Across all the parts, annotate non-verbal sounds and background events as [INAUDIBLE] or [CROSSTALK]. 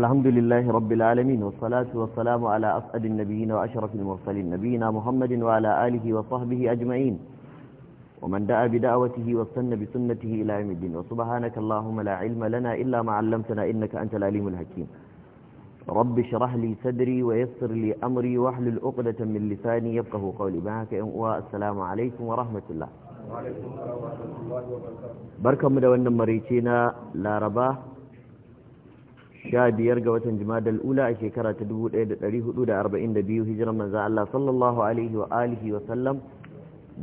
الحمد لله رب العالمين والصلاة والسلام على أسعد النبيين وأشرف المرسلين نبينا محمد وعلى آله وصحبه أجمعين ومن دعا بدعوته واستنى بسنته إلى يوم الدين وسبحانك اللهم لا علم لنا إلا ما علمتنا إنك أنت العليم الحكيم رب اشرح لي صدري ويسر لي أمري واحلل عقدة من لساني يفقه قولي معك والسلام عليكم ورحمة الله وعليكم السلام ورحمة الله وبركاته بركة مدونة مريتنا لا رباه sha biyar ga watan jimadal ula a shekara ta 1442 hijiran manzo Allah sallallahu alaihi wa alihi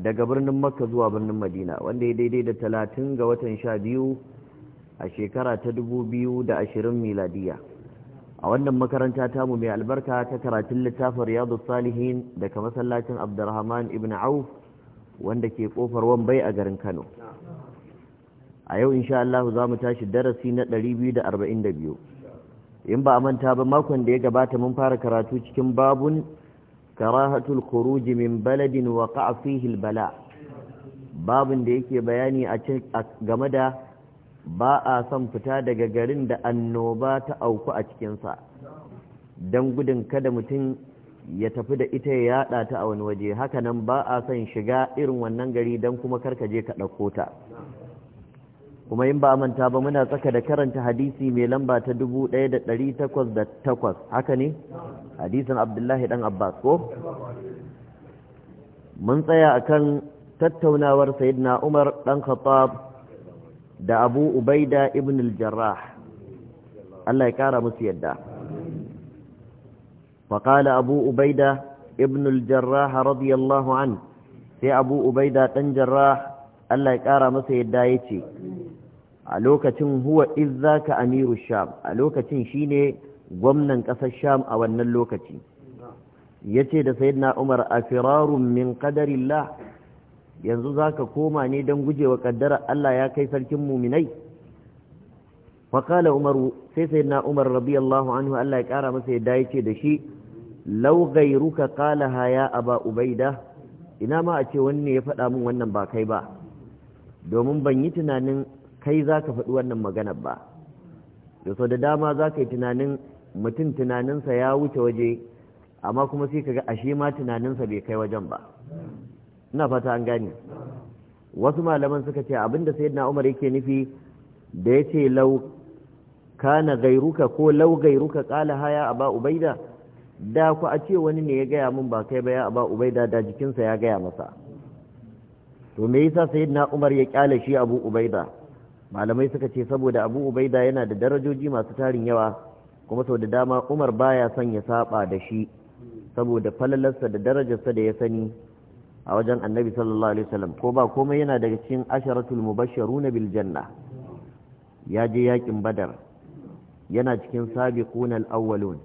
daga birnin Makka zuwa birnin Madina wanda ya daidai da 30 ga watan sha biyu a shekara ta 2020 miladiya a wannan makaranta tamu mai albarka ta karatun littafin Riyadu Salihin daga masallacin Abdurrahman ibn Auf wanda ke kofar Wambai a garin Kano a yau insha Allah za mu tashi darasi na 242 in ba a manta ba makon da ya gabata mun fara karatu cikin babun karahatul khuruji min baladin wa qa'a fihi bala babun da yake bayani a game da ba a son fita daga garin da annoba ta auku a cikinsa dan gudun kada mutum ya tafi da ita ya yada ta a wani waje hakanan ba a son shiga irin wannan gari dan kuma karkaje ka ɗauko ta kuma in ba manta ba muna tsaka da karanta hadisi mai lamba ta 1808 haka ne hadisin abdullahi dan abbas ko mun tsaya akan tattaunawar sayyidina umar dan khattab da abu ubaida ibn al-jarrah Allah ya kara musu yadda فقال abu ubaida ibn الجراح رضي الله عنه sai abu ubaida dan jarrah Allah ya kara masa yadda ya ce a lokacin huwa ka amiru sham a lokacin shine gwamnan ƙasar sham a wannan lokaci ya ce da sayidina umar a firarun min la yanzu za ka koma ne don gujewa ƙaddara Allah ya kai sarkin muminai faƙala umaru sai sayidina Umar rabi radiyallahu anhu Allah ya ƙara masa yadda ya ce da shi lau ruka ƙala haya a ba ubaida ina ma a ce ne ya faɗa min wannan ba kai ba domin ban yi tunanin kai za ka faɗi wannan maganar ba da sau da dama za ka yi tunanin mutum tunaninsa ya wuce waje amma kuma sai ka ga ashe ma tunaninsa bai kai wajen ba ina fata an gane wasu malaman suka ce abinda na umar yake nufi da ya ce lau kana gairuka ko lau gairuka kala haya a ba ubaida da ku a ce wani ne ya gaya min ba kai ba ya ba ubaida da jikinsa ya gaya masa to me yasa sayyidina umar ya kyale shi abu ubaida malamai suka ce saboda abu ubaida yana da darajoji masu tarin yawa kuma sau da dama umar baya son ya saba da shi saboda falalarsa da darajarsa da ya sani a wajen annabi sallallahu alaihi wasallam ko ba komai yana daga cikin asharatul mubashsharuna bil janna ya je yakin badar yana cikin sabiquna al awwalun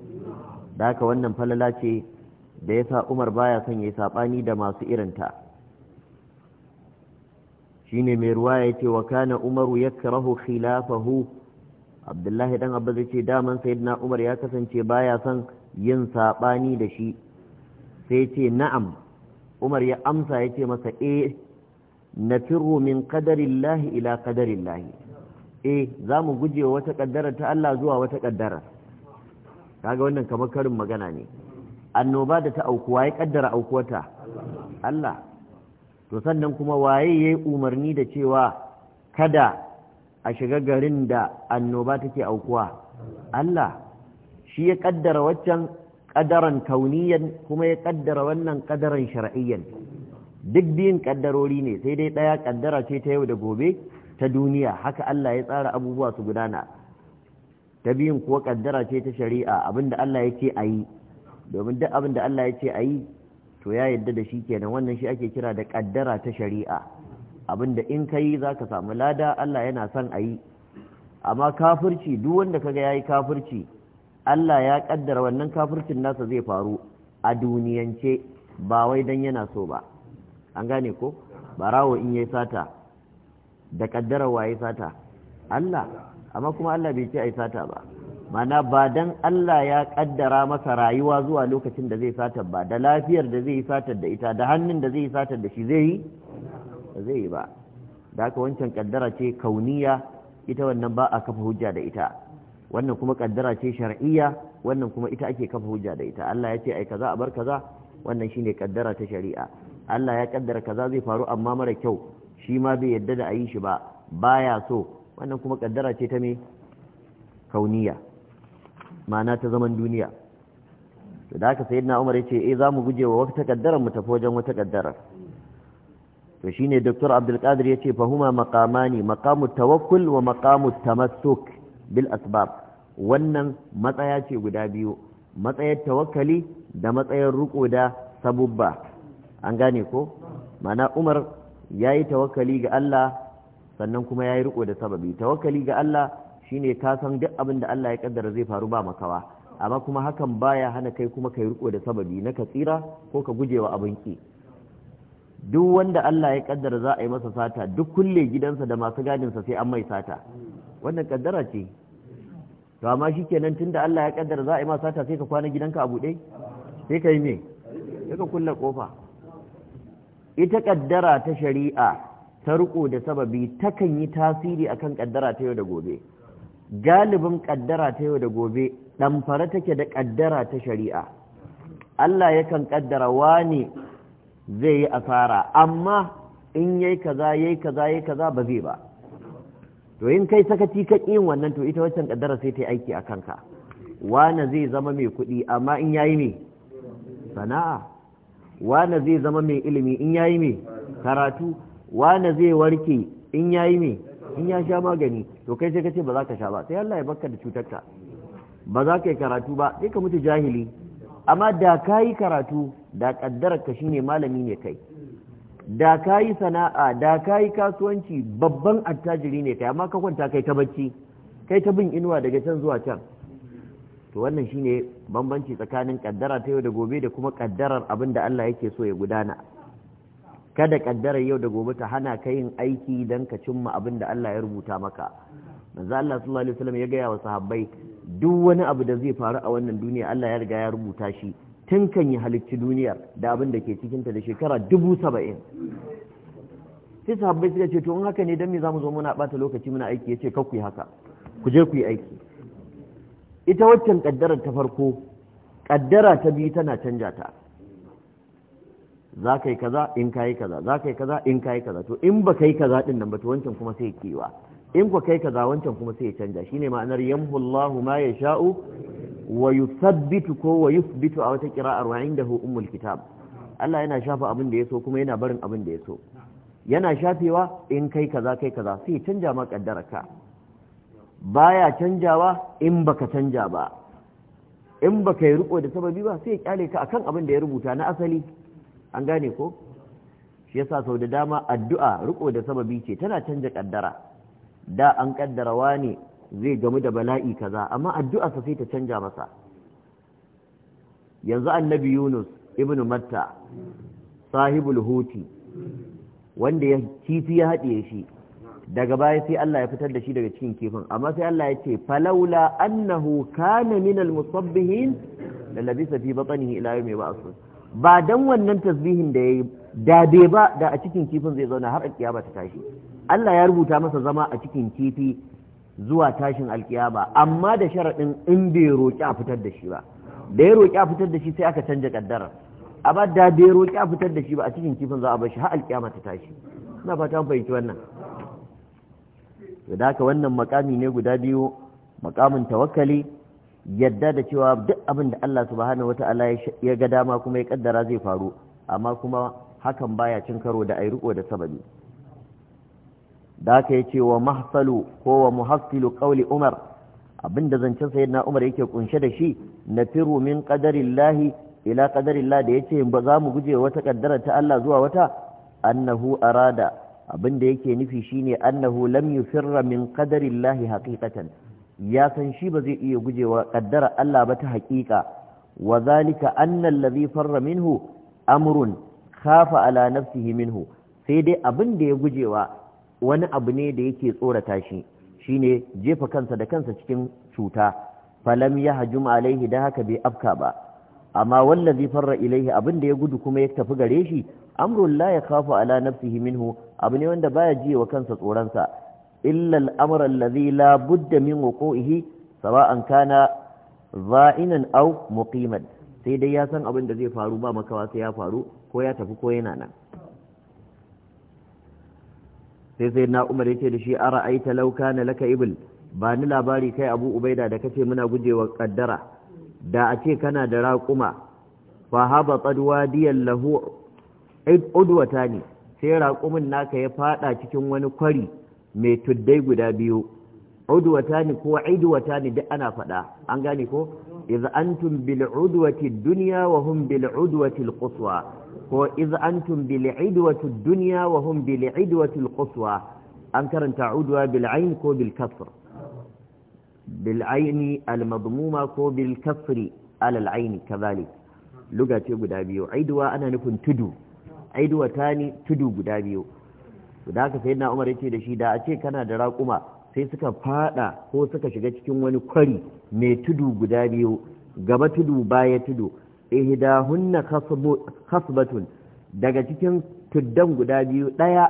da haka wannan falala ce da yasa umar baya son ya sabani da masu irinta shine mai ruwa ya ce wa kana umaru ya karahu khilafahu abdullahi dan abba zai ce daman sayyidina umar ya kasance baya son yin saɓani da shi sai ce na'am umar ya amsa ya ce masa e eh, na firru min qadarillahi ila qadarillahi e za mu guje wata ƙaddara ta Allah zuwa wata ƙaddara kaga wannan kamar karin magana ne annoba da ta aukuwa ya ƙaddara aukuwata Allah to sannan kuma waye ya yi umarni da cewa kada a shiga garin da annoba take aukuwa Allah shi ya kaddara waccan kadaran kauniyan kuma ya kaddara wannan kadaran shar'iyyan duk biyun kaddarori ne sai dai daya kaddara ce ta yau da gobe ta duniya haka Allah ya tsara abubuwa su gudana ta biyun kuwa kaddara ce ta shari'a abinda Allah ya ce a yi domin duk abinda Allah ya ce a yi to ya yadda da shi kenan wannan shi ake kira da kaddara ta shari'a abinda in ka yi za ka samu lada Allah yana son a yi amma kafirci duk wanda kaga ya yi kafirci Allah ya kaddara wannan kafircin nasa zai faru a duniyance ba wai dan yana so ba an gane ko barawo in yayi sata da kaddara wa sata Allah amma kuma Allah bai ce ai sata ba mana ba dan Allah ya kaddara masa rayuwa zuwa lokacin da zai satar ba da lafiyar da zai yi satar da ita da hannun da zai yi satar da shi zai yi ba zai yi ba da haka wancan kaddara ce kauniya ita wannan ba a kafa hujja da ita wannan kuma kaddara ce shar'iyya wannan kuma ita ake kafa hujja da ita Allah ya ce ai kaza a bar kaza wannan shine kaddara ta shari'a Allah ya kaddara kaza zai faru amma mara kyau shi ma bai yarda da a yi shi ba baya so wannan kuma kaddara ce ta me kauniya ma'ana ta zaman duniya to da haka na Umar yace eh zamu gujewa wata kaddara mu tafi wajen wata kaddara to shine Dr. Abdul ya ce fa huma maqamani maqamut tawakkul wa maqamut tamassuk bil asbab wannan matsaya ce guda biyu matsayar tawakkali da matsayar ruko da sabubba an gane ko ma'ana Umar yayi tawakali ga Allah sannan kuma yayi riko da sababi tawakkali ga Allah shine ka san duk abin da Allah ya kaddara zai faru ba makawa amma kuma hakan baya hana kai kuma kai riko da sababi na katsira ko ka gujewa abin ki duk wanda Allah ya kaddara za a yi masa sata duk kulle gidansa da masu gadinsa sai an mai sata wannan kaddara ce to amma shikenan tunda Allah ya kaddara za a yi masa sata sai ka kwana gidanka a buɗe sai ka yi me sai ka kulle kofa ita kaddara ta shari'a ta riko da sababi takan yi tasiri akan kaddara ta yau da gobe galibin kaddara ta yau da gobe ɗamfara take da kaddara ta shari'a Allah yakan kaddara wani zai yi asara amma in yai kaza yai kaza yai kaza ba zai ba to in kai sakaci ka yin wannan to ita waccan kaddara sai ta yi aiki a kanka wani zai zama mai kuɗi amma in yayi me sana'a wani zai zama mai ilimi in yayi me karatu wani zai warke in yayi me in ya sha magani to kai sai ka ce ba za ka sha ba sai Allah ya baka da cutarka ba za ka yi karatu ba sai ka mutu jahili amma da ka karatu da kaddarar ka shine malami ne kai da ka sana'a da ka kasuwanci babban attajiri ne kai amma ka kwanta kai ta bacci kai ta bin inuwa daga can zuwa can to wannan shine bambanci tsakanin kaddara ta yau da gobe da kuma kaddarar abin da Allah yake so ya gudana kada kaddara yau da gobe ta hana ka yin aiki don ka cimma abin da Allah ya rubuta maka manzo Allah sallallahu alaihi wasallam ya gaya wa sahabbai duk wani abu da zai faru a wannan duniya Allah ya riga ya rubuta shi tun kan yi halicci duniyar da abin da ke cikinta da shekara dubu saba'in sai sahabbai suka ce to in haka ne dan me zamu zo muna bata lokaci muna aiki yace ka ku yi haka ku je ku yi aiki ita waccan kaddarar ta farko kaddara ta biyu tana canja ta za ka yi kaza in ka yi kaza za ka yi kaza in ka yi kaza to in ba ka yi kaza din nan ba to wancan kuma sai kiwa in ku kai kaza wancan kuma sai canja shine ma'anar yamhullahu ma yasha'u wa yuthabbitu ko wa yuthbitu a wata qira'ar wa indahu ummul kitab Allah yana shafa abin da yaso kuma yana barin abin da yaso yana shafewa in kai kaza kai kaza sai canja ma kaddaraka baya canjawa in baka canja ba in baka yi riko da sababi ba sai ya kyale ka akan abin da ya rubuta na asali an gane ko shi yasa sau da dama addu'a riko da sababi ce tana canja kaddara da an kaddara wani zai gamu da bala'i kaza amma addu'a sai ta canja masa yanzu annabi Yunus ibnu Matta sahibul huti wanda ya kifi ya haɗiye shi daga baya sai Allah ya fitar da shi daga cikin kifin amma sai Allah ya ce falaula annahu kana minal musabbihin lalabisa fi batnihi ila yawmi ba'th ba dan wannan tasbihin da yayi da bai ba da a cikin kifin zai zauna har alkiyama ta tashi Allah ya rubuta masa zama a cikin kifi zuwa tashin alkiyama amma da sharaɗin in bai roƙi a fitar da shi ba da ya roƙi a fitar da shi sai aka canja kaddara amma da bai roƙi a fitar da shi ba a cikin kifin za a bar shi har alkiyama ta tashi ina fata mun fahimci wannan da haka wannan makami ne guda biyu makamin tawakkali yadda da cewa duk abin da Allah subhanahu wata'ala ya ga dama kuma ya kaddara zai faru amma kuma hakan baya cin karo da ai riko da sababi da haka yace wa mahsalu ko wa muhassilu qawli umar abinda zancen sayyidina umar yake kunshe da shi firu min qadarillahi ila qadarillah da yace ba za mu guje wata kaddara ta Allah zuwa wata annahu arada abinda yake nufi shine annahu lam yufirra min qadarillahi haqiqatan ya san shi ba zai iya gujewa kaddara Allah ba ta haƙiƙa wa zalika anna allazi farra minhu amrun khafa ala nafsihi minhu sai dai abin da ya gujewa wani abu ne da yake tsorata shi shine jefa kansa da kansa cikin cuta falam yahjum alaihi da haka bai afka ba amma wallazi farra ilaihi abin da ya gudu kuma ya tafi gare shi amrun la yakhafu ala nafsihi minhu abu ne wanda baya jiye wa kansa tsoronsa إلا الأمر الذي لا budda min وقوعه سواء kana za'inan أو مقيما sai dai ya san abin da zai faru ba makawa sai ya faru ko ya tafi ko yana nan sai sai na umar yake da shi ara aita lauka na laka ibil ba ni labari kai abu ubaida da kace muna gujewa kaddara da a ce kana da raƙuma fa habatat diyan lahu ne sai raƙumin naka ya fada cikin wani kwari mai tuddai guda biyu udwatani ko idwatani duk ana faɗa an gane ko an tun bil udwati dunya wa hum bil udwati al quswa ko an tun bil idwati dunya wa hum bil idwati al quswa an karanta udwa bil ayn ko bil kasr bil al madmuma ko bil kasri al al ayn lugace guda biyu idwa ana nufin tudu idwatani tudu guda biyu guda da haka na Umar yake da shi da a ce kana da raƙuma sai suka fada ko suka shiga cikin wani kwari mai tudu guda biyu gaba tudu baya tudu ihdahunna khasbatun daga cikin tuddan guda biyu daya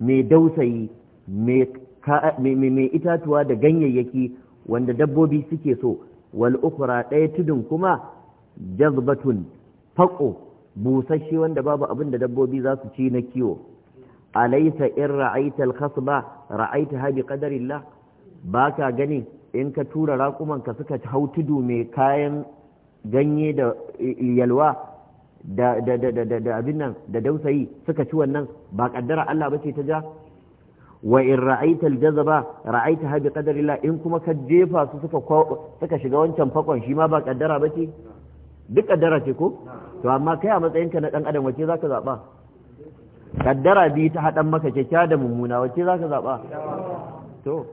mai dausayi mai itatuwa da ganyayyaki wanda dabbobi suke so wal daya tudun kuma jazbatun fako busasshe wanda babu abin da dabbobi za su ci na kiwo alaysa in ra'aita al-khasba ra'aitaha bi qadarillah baka gani in ka tura raƙuman ka suka hau tudu mai kayan ganye da yalwa da da da abin nan da dausayi suka ci wannan ba kaddara Allah bace ta ja wa in ra'aita al-jazaba ra'aitaha bi qadarillah in kuma ka jefa su suka suka shiga wancan fakon shi ma ba kaddara bace duk kaddara ce ko to amma kai a matsayinka na dan adam wace zaka zaba kaddara biyu ta haɗan maka kyakkyawa da mummuna wacce za ka zaɓa to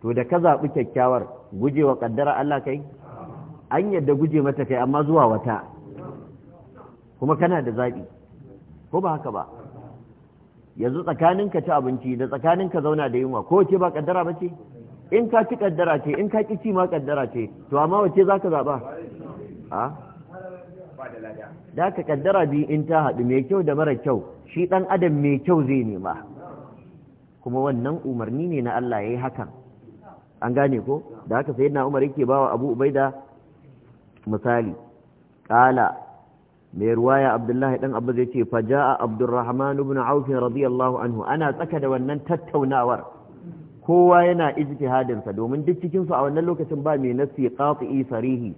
to da ka zaɓi kyakkyawar gujewa kaddara Allah kai an yadda guje mata kai amma zuwa wata kuma kana da zaɓi ko ba haka ba yanzu tsakanin ka ci abinci da tsakanin ka zauna da yunwa ko ce ba kaddara ba ce in ka ci kaddara ce in ka ƙi ci ma kaddara ce to amma wacce za ka zaɓa a da haka kaddara biyu in ta haɗu mai kyau da mara kyau shi ɗan adam mai kyau zai nema kuma wannan umarni ne na Allah ya yi hakan an gane ko da haka sai na umar yake bawa abu da misali ƙala mai ruwaya abdullahi ɗan abu zai ce a abdurrahman ibn aufin radiyallahu anhu ana tsaka da wannan tattaunawar kowa yana ijtihadinsa domin duk cikinsu a wannan lokacin ba mai nasi qati'i sarihi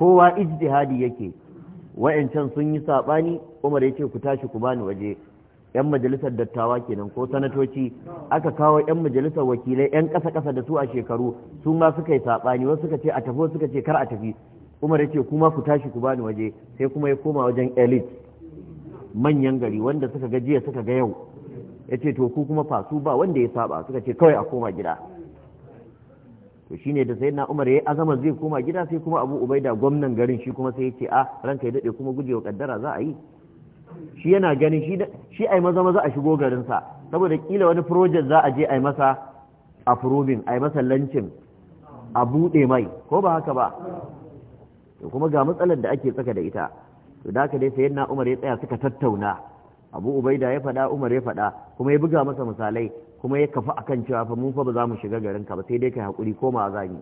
kowa ijtihadi yake wa'ancan sun yi sabani umar ya ku tashi ku bani waje yan majalisar dattawa kenan ko sanatoci aka kawo yan majalisar wakilai yan ƙasa ƙasa da su a shekaru su ma suka yi saɓani wasu suka ce a tafi suka ce kar a tafi umar ya kuma ku tashi ku bani waje sai kuma ya koma wajen elite manyan gari wanda suka ga jiya suka ga yau ya ce to ku kuma fa ba wanda ya saba suka ce kawai a koma gida to shi ne da na Umar ya azama zai koma gida sai kuma Abu Ubaida gwamnan garin shi kuma sai yake a ah, ranka ya daɗe kuma gujewa kaddara za a yi shi yana ganin shi a ai maza maza a shigo garin sa saboda kila wani project za a je ai masa approving ai masa lancin a bude mai ko ba haka ba to kuma ga matsalar da ake tsaka da ita to da haka dai na Umar ya tsaya suka tattauna Abu Ubaida ya faɗa Umar ya faɗa kuma ya buga masa misalai kuma ya kafa akan cewa fa mun fa ba za mu shiga garin ka ba sai dai kai hakuri koma za mu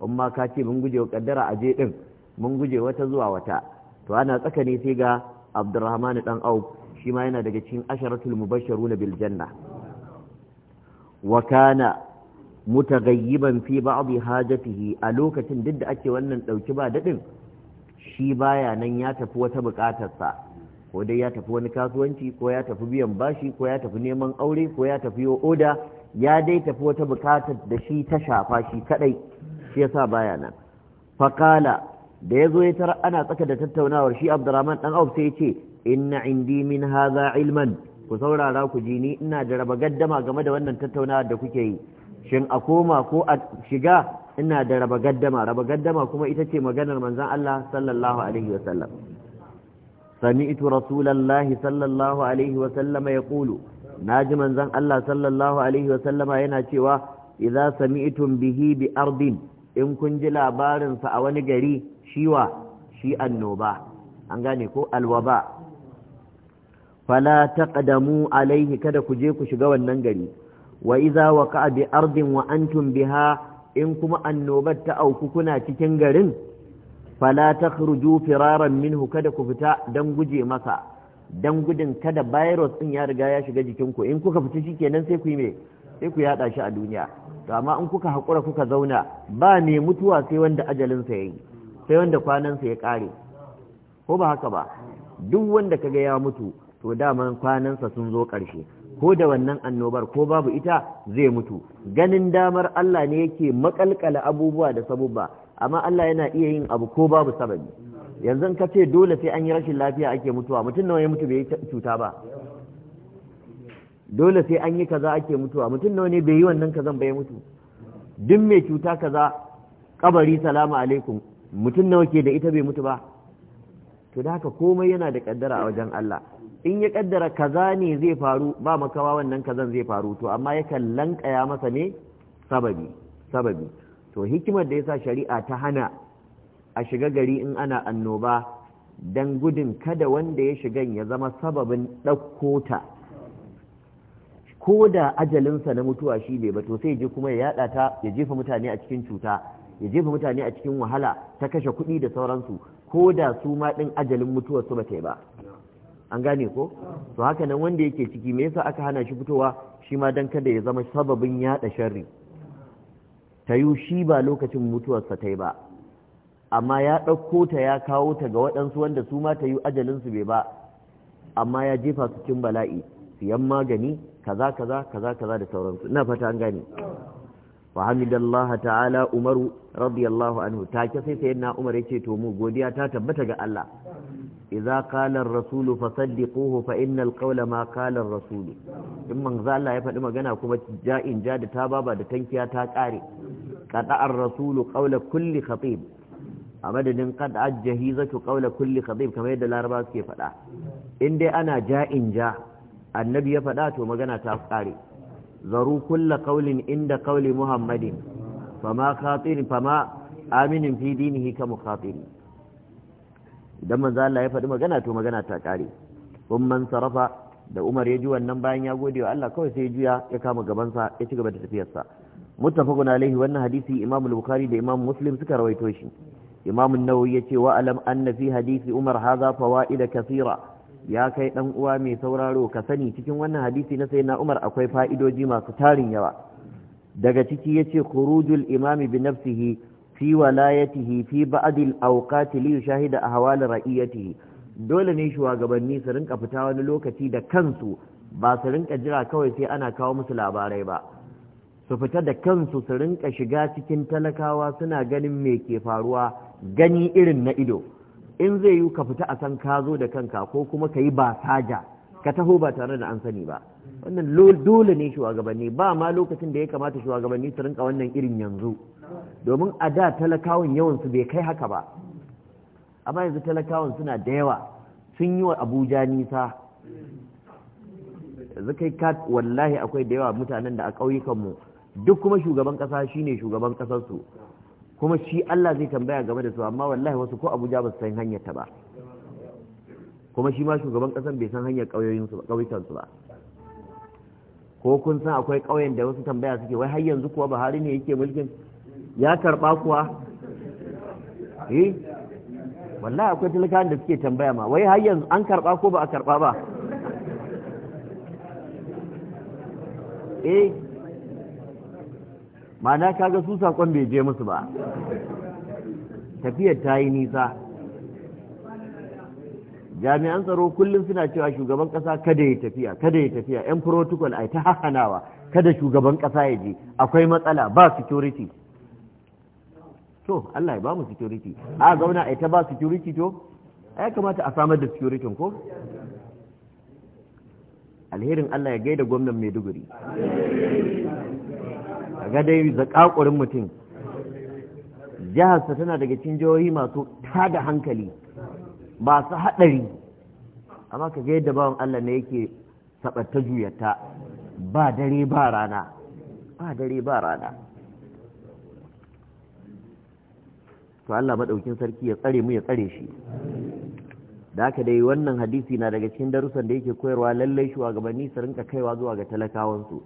in ma ka ce mun guje wa kaddara a je din mun guje wata zuwa wata to ana tsaka ne sai ga abdulrahman dan Auf shi ma yana daga cikin asharatul mubashshiruna bil janna wa kana mutagayyiban fi ba'dhi hajatihi a lokacin duk da ake wannan dauki ba dadin shi baya nan ya tafi wata bukatarsa ko dai ya tafi wani kasuwanci ko ya tafi biyan bashi ko ya tafi neman aure ko ya tafi yo oda ya dai tafi wata bukatar da shi ta shafa shi kadai shi yasa baya nan faqala da yazo ya tara ana tsaka da tattaunawar shi Abdurrahman dan Auf sai ya ce inna indi min hadha ilman ku saurara ku ji ni ina da raba gaddama game da wannan tattaunawar da kuke yi shin a koma ko a shiga ina da raba gaddama raba gaddama kuma ita ce maganar manzon Allah sallallahu alaihi wasallam سمعت رسول الله صلى الله عليه وسلم يقول ناجما زن الله صلى الله عليه وسلم ينا شوى إذا سمعتم به بأرض إن كنت لابار فأوان قري شوى شيء النوبة أنغانيكو الوباء فلا تقدموا عليه كذا كجيكو شقوى الننقري وإذا وقع بأرض وأنتم بها إن كما النوبة أو كنا تكنقرن fala takhruju firaran minhu kada ku fita dan guje masa dan gudun kada virus din ya riga ya shiga jikin ku in kuka fita shikenan sai ku yi me sai ku yada shi a duniya to amma in kuka hakura kuka zauna ba ne mutuwa sai wanda ajalin sa yayi sai wanda kwanan ya kare ko ba haka ba duk wanda kaga ya mutu to daman kwanansa sun zo ƙarshe, ko da wannan annobar ko babu ita zai mutu ganin damar Allah ne yake maƙalkale abubuwa da sabubba amma Allah yana iya yin abu ko babu sababi yanzu ka ce dole sai an yi rashin lafiya ake mutuwa mutum nawa ya mutu bai cuta ba dole sai an yi kaza ake mutuwa mutum nawa ne bai yi wannan kazan bai mutu duk mai cuta kaza kabari salamu alaikum mutum nawa ke da ita bai mutu ba to da haka komai yana da kaddara a wajen Allah in ya kaddara kaza ne zai faru ba makawa wannan kazan zai faru to amma yakan lankaya masa ne sababi sababi to hikimar da yasa shari'a ta hana a shiga gari in ana annoba don gudun kada wanda ya shigan ya zama sababin ɗauko ta ko da ajalinsa na mutuwa shi bai ba to sai je kuma ya yada ta ya jefa mutane a cikin cuta ya jefa mutane a cikin wahala ta kashe kuɗi da sauransu ko da su ma ɗin ajalin mutuwar su ba ta ba an gane ko to haka nan wanda yake ciki me yasa aka hana shi fitowa shi ma dan kada ya zama sababin yada sharri ta yi shi ba lokacin mutuwarsa ta yi ba amma ya ɗauko ta ya kawo ta ga waɗansu wanda su ma ta yi ajalinsu bai ba amma ya jefa su cikin bala'i siyan magani kaza kaza kaza kaza da sauransu ina fata an gane wa ta'ala umaru radiyallahu anhu take sai na umar ce to mu godiya ta tabbata ga Allah Iza qala ar-rasulu fasaddiquhu fa innal qawla ma qala ar-rasulu in manzo ya faɗi magana kuma ja'in da ta baba da tankiya ta kare qada ar-rasulu qawla kulli khatib a madadin qad ajhizatu qawla kulli khatib kamar yadda laraba suke faɗa in dai ana ja'in annabi ya faɗa to magana ta kare zaru kulla qawlin inda qawli muhammadin fama fama aminin fi hika ka idan manzo Allah ya faɗi magana to magana ta kare kun man sarafa da Umar ya ji wannan bayan ya gode wa Allah kawai sai ya juya ya kama gaban sa ya ci gaba da tafiyar sa muttafaqun alaihi wannan hadisi Imam al-Bukhari da Imam Muslim suka rawaito shi Imam an-Nawawi yace wa alam anna fi hadisi Umar hadha fawaida kathira ya kai dan uwa mai sauraro ka sani cikin wannan hadisi na sayyidina Umar akwai fa'idoji masu tarin yawa daga ciki yace khurujul imami bi nafsihi fi walayatihi fi ba'dil awqati li yushahida ahwal ra'iyatihi dole ne shugabanni su rinka fita wani lokaci da kansu ba su rinka jira kawai sai ana kawo musu labarai ba su fita da kansu su rinka shiga cikin talakawa suna ganin me ke faruwa gani irin na ido in zai yi ka fita a san ka zo da kanka ko kuma ka yi ba saja ka taho ba tare da an sani ba wannan dole ne shugabanni ba ma lokacin da ya kamata shugabanni su rinka wannan irin yanzu domin a da talakawan yawansu bai kai haka ba amma yanzu talakawan suna da yawa sun yi wa abuja nisa yanzu kai kat wallahi akwai da yawa mutanen da a ƙauyukanmu duk kuma shugaban ƙasa ne shugaban ƙasarsu kuma shi Allah zai tambaya game da su amma wallahi wasu ko abuja ba su san hanyar ta ba kuma shi ma shugaban ƙasar bai san hanyar ƙauyukansu ba ko kun san akwai ƙauyen da wasu tambaya suke wai har yanzu kuwa buhari ne yake mulkin ya karɓa kuwa eh wallahi akwai talakawan da suke tambaya ma wai har yanzu an karɓa ko ba a karɓa ba eh na kaga su sakon bai je musu ba tafiyar ta yi nisa jami'an tsaro kullum suna cewa shugaban ƙasa kada ya tafiya kada ya tafiya yan protocol ai ta hahanawa kada shugaban ƙasa ya je akwai matsala ba security to Allah ya ba mu security a gauna a ta ba security to ya kamata a samar da security ko alherin Allah ya gaida gwamnan Maiduguri ga dai zakakurin mutum jiharsa tana daga cikin jihohi masu tada hankali masu haɗari amma ka ga yadda bawan Allah ne yake sabatta juyata ba dare ba rana ba dare ba rana to Allah madaukin sarki ya tsare mu ya tsare shi da aka dai wannan hadisi na daga cikin darussan da yake koyarwa lallai shugabanni su rinka kaiwa zuwa ga talakawansu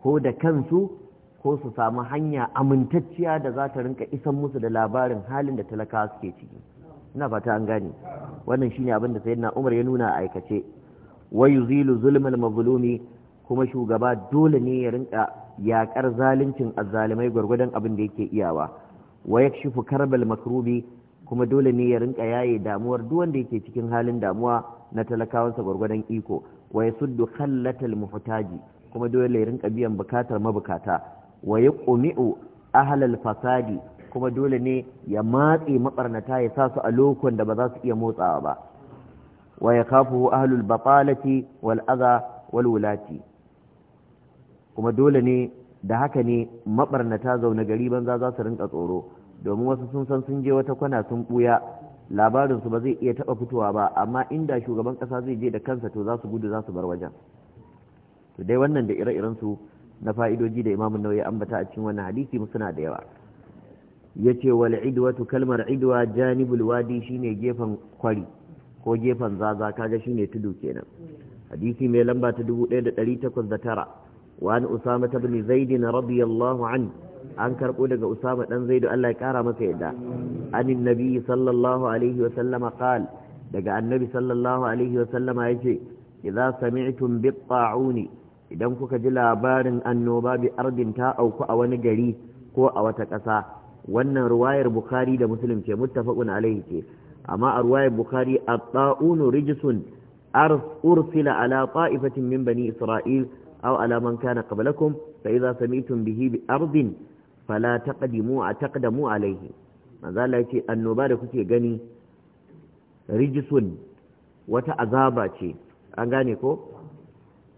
ko da kansu ko su samu hanya amintacciya da za ta rinka isan musu da labarin halin da talakawa suke ciki ina fata an gane wannan shine abin da sayyidina Umar ya nuna a aikace wa yuzilu zulmal mazlumi kuma shugaba dole ne ya rinka yakar zaluncin azzalimai gwargwadon abin da yake iyawa wa yakshifu karbal makrubi kuma dole ne ya rinka yaye damuwar duk wanda yake cikin halin damuwa na talakawansa gwargwadon iko wa suddu kallatal muhtaji kuma dole ya rinka biyan bukatar mabukata wa ƙumi'u ahlal fasadi kuma dole ne ya matse mabarnata ya sa su a lokacin da ba za su iya motsawa ba wa kafu ahlul batalati wal adha wal wulati kuma dole ne da haka ne ta zaune gari banza za su rinka tsoro domin wasu sun san sun je wata kwana sun buya labarinsu ba zai iya taɓa fitowa ba amma inda shugaban ƙasa zai je da kansa to za su gudu za su bar wajen to dai wannan da ire-iren su na fa'idoji da imamu nauyi ambata a cikin wannan hadisi suna da yawa yace wal idwatu kalmar idwa janibul wadi shine gefen kwari ko gefen zaza kaga shine tudu kenan hadisi mai lamba ta 1809 وعن usama بن زيد رضي الله عنه an karɓo daga usama ɗan zaidu Allah ya ƙara masa yadda anin nabi sallallahu alaihi wasallama qal daga annabi sallallahu alaihi wasallama ya ce idza sami'tum bitta'uni idan kuka ji labarin annoba bi ardin ta auku a wani gari ko a wata ƙasa wannan ruwayar bukhari da musulunci ce muttafaqun alaihi amma a ruwayar bukhari at-ta'unu rijsun ursila ala ta'ifatin bani isra'il aw ala man kana qablakum fa idza sami'tum bihi bi ardin fala taqdimu taqdamu alayhi manzo Allah yace annoba da kuke gani rijisun wata azaba ce an gane ko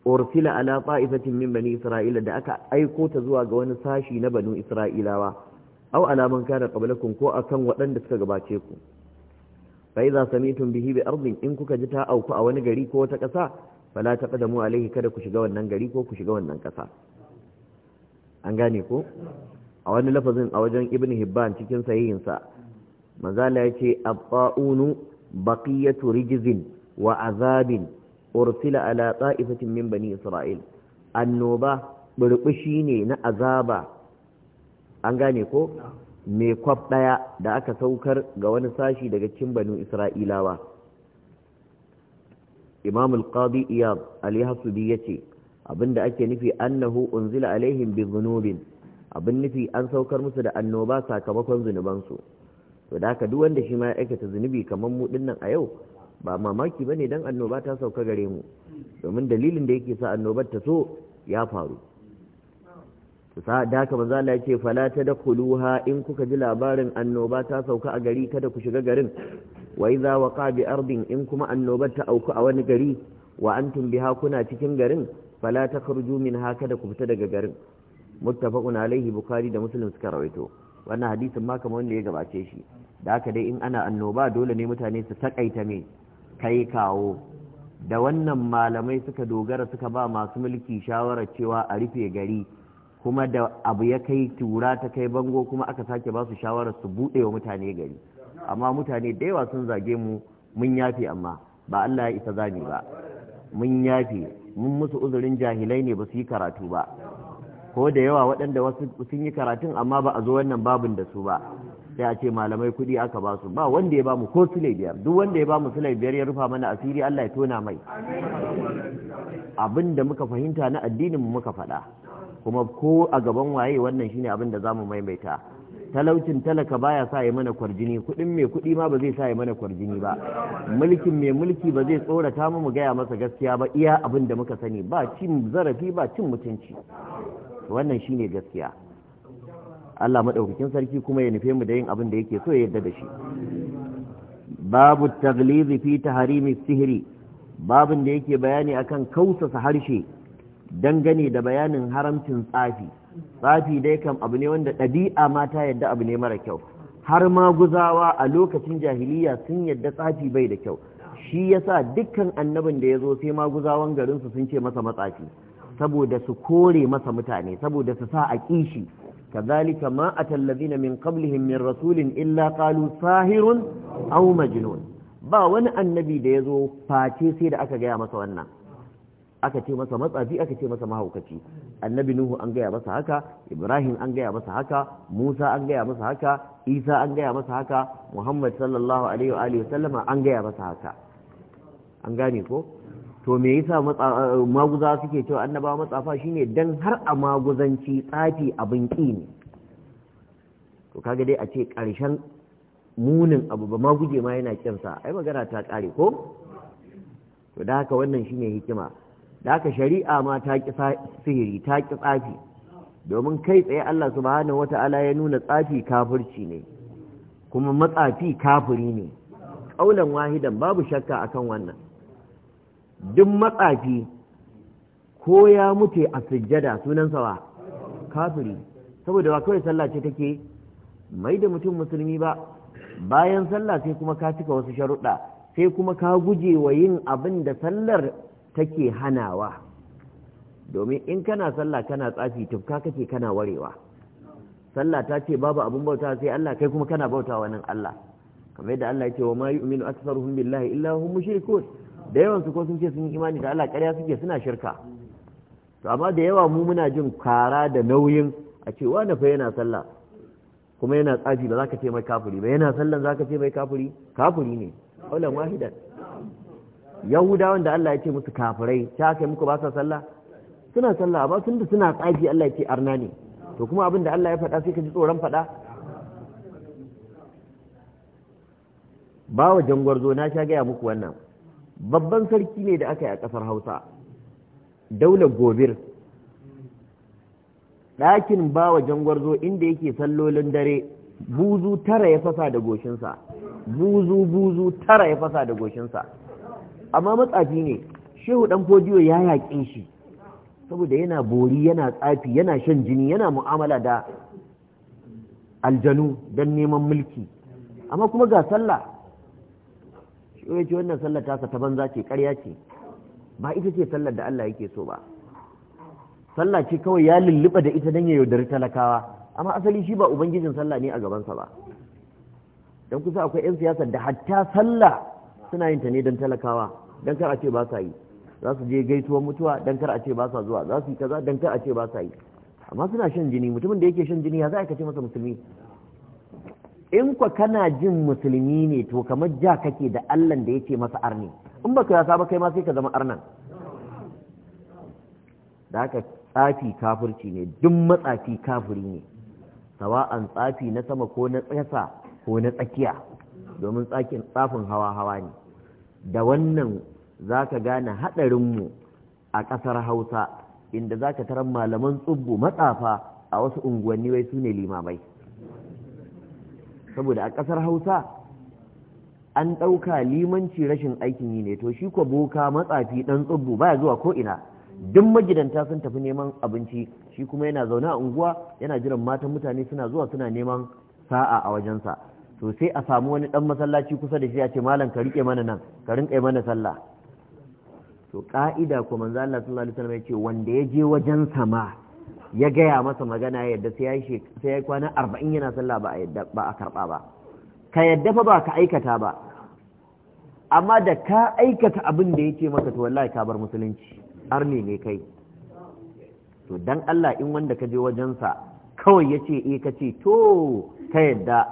ursila ala ta'ifatin min bani isra'ila da aka aiko ta zuwa ga wani sashi na banu isra'ilawa aw ala man kana qablakum ko akan waɗanda suka gabace ku fa idza sami'tum bihi bi ardin in kuka ji ta auku a wani gari ko wata ƙasa fala taqdamu alaihi kada ku shiga wannan gari ko ku shiga wannan kasa an gane ko a wani lafazin a wajen ibn hibban cikin sahihinsa manzala yace abaunu abba'unu baqiyatu rijzin wa azabin ursila ala ta'ifatin min bani isra'il annoba burbushi ne na azaba an gane ko me kwab daya da aka saukar ga wani sashi daga cikin banu isra'ilawa imam al-qadi iyad al-yahsubi yace abinda ake nufi annahu unzila alaihim bi dhunubin abin nufi an saukar musu da annoba sakamakon zunuban su to da haka duk wanda shi ma ya aikata zunubi kamar mu dinnan a yau ba mamaki bane dan annoba ta sauka gare mu domin dalilin da yake sa annobar ta so ya faru da haka manzo Allah yace fala tadkhuluha in kuka ji labarin annoba ta sauka a gari kada ku shiga garin wa idza waqa bi ardin in kuma annobar ta auku a wani gari wa antum biha kuna cikin garin fala takhruju haka da ku fita daga garin muttafaqun alaihi bukhari da muslim suka rawaito wannan hadisin ma kamar wanda ya gabace shi da haka dai in ana annoba dole ne mutane su takaita me kai kawo da wannan malamai suka dogara suka ba masu mulki shawarar cewa a rufe gari kuma da abu ya kai tura ta kai bango kuma aka sake ba su shawarar su buɗe wa mutane gari amma mutane da yawa sun zage mu mun yafe amma ba Allah ya isa zami ba mun yafe mun musu uzurin jahilai ne ba su yi karatu ba ko da yawa waɗanda wasu sun yi karatun amma ba a zo wannan babin da su ba sai a ce malamai kuɗi aka ba su ba wanda ya ba mu ko sule biyar duk wanda ya ba mu sule biyar ya rufa mana asiri Allah ya tona mai abin da muka fahimta na addinin muka faɗa kuma ko a gaban waye wannan shine abin da zamu maimaita talaucin talaka baya sa ya mana kwarjini kuɗin mai kuɗi ma ba zai sa ya mana kwarjini ba mulkin mai mulki ba zai tsorata mu mu gaya masa gaskiya ba iya abin da muka sani ba cin zarafi ba cin mutunci wannan shine gaskiya Allah madaukakin sarki kuma ya nufe mu da yin abin da yake so ya yarda da shi babu taglizi fi taharimi sihiri babin da yake bayani akan kausasa harshe dangane da bayanin haramcin tsafi tsafi dai kam abu ne wanda ɗabi'a mata ta yadda abu ne mara kyau har ma guzawa a lokacin jahiliya sun yadda tsafi bai da kyau shi yasa dukkan annabin da ya zo sai ma guzawan garinsu sun ce masa matsafi saboda su kore masa mutane saboda su sa a kishi kazalika ma na min qablihim min rasulin illa qalu sahirun aw majnun ba wani annabi da ya zo face sai da aka gaya masa wannan aka ce masa matsafi aka ce masa mahaukaci annabi nuhu an gaya masa haka ibrahim an gaya masa haka musa an gaya masa haka isa an gaya masa haka muhammad sallallahu alaihi wa alihi sallama an gaya masa haka an gane ko to me yasa maguza suke cewa annabawa matsafa shine dan har a maguzanci tsafi abin ki ne to kaga dai a ce karshen munin abu ba maguje ma yana kinsa ai magana ta kare ko to da haka wannan shine hikima da haka shari'a ma ta ƙi sihiri ta ƙi tsafi domin kai tsaye Allah subhanahu wata'ala ya nuna tsafi kafirci ne kuma matsafi kafiri ne ƙaulan wahidan babu shakka akan wannan duk matsafi ko ya mutu a sujjada sunansa sawa kafiri saboda ba kawai sallah ce take mai da mutum musulmi ba bayan sallah sai kuma ka cika wasu sharuɗa sai kuma ka guje wa yin abin da sallar take hanawa domin in kana sallah kana tsafi tufka kake kana warewa sallah ta ce babu abun bauta sai Allah kai kuma kana bauta wa nan Allah kamar yadda Allah ya ce wa ma yu'minu aktsaruhum billahi illa hum mushrikun da yawan su ko sun ce sun yi imani da Allah ƙarya suke suna shirka to amma da yawa mu muna jin kara da nauyin a ce wani fa yana sallah kuma yana tsafi ba za ka ce mai kafiri ba yana sallan za ka ce mai kafiri kafiri ne aulan wahidan yahudawan da Allah ya ce musu kafirai ta kai muku ba sa sallah suna sallah ba sun da suna tsafi Allah ya ce arna ne to kuma abin da Allah ya faɗa sai ka ji tsoron faɗa bawa jangwarzo na sha gaya muku wannan babban sarki ne da aka yi a ƙasar hausa daular gobir ɗakin bawa jangwarzo inda yake sallolin dare buzu tara ya fasa da goshinsa buzu buzu tara ya fasa da goshinsa amma matsafi ne shehu dan fodiyo ya yaƙi shi saboda yana bori yana tsafi yana shan jini yana mu'amala da aljanu don neman mulki amma kuma ga sallah shehu ya ce wannan sallah tasa ta banza ce karya ce ba ita ce sallar da Allah yake so ba sallah ce kawai ya lulluɓa da ita don ya yaudari talakawa amma asali shi ba ubangijin sallah ne a gabansa ba don kusa akwai 'yan siyasar da hatta sallah suna yin ta ne don talakawa dan kar a ce ba sa yi za su je gaisuwar mutuwa dan kar a ce ba sa zuwa za su yi kaza dan kar a ce ba sa yi amma suna shan jini mutumin da yake shan jini ya za a kace masa musulmi in kwa kana jin musulmi ne to kamar ja kake da Allah da yake masa arni in baka yasa ba kai ma sai ka zama arnan da haka tsafi kafirci ne duk matsafi kafiri ne sawa'an tsafi na sama ko na tsasa ko na tsakiya domin tsafin hawa hawa ne da wannan za ka gane haɗarinmu a ƙasar hausa inda za ka tarar malaman tsubbu matsafa a wasu unguwanni wai su ne limamai saboda a ƙasar hausa an ɗauka limanci rashin aikin yi ne to shi kwa boka matsafi ɗan tsubbu baya zuwa ko'ina duk magidanta sun tafi neman abinci shi kuma yana zaune a unguwa yana jiran matan mutane suna zuwa suna neman sa'a a wajensa to sai a samu wani ɗan masallaci kusa da shi a ce malam ka riƙe mana nan ka rinƙa mana sallah to ka'ida ko manzo Allah sallallahu alaihi wasallam yace wanda ya je wajen sama ya gaya masa magana ya yadda sai ya yi sai ya kwana 40 yana sallah ba a yadda ba a karba ba ka yadda fa ba ka aikata ba amma da ka aikata abin da yake maka to wallahi ka bar musulunci arne ne kai to dan Allah in wanda ka je wajensa kawai yace eh kace to ka yadda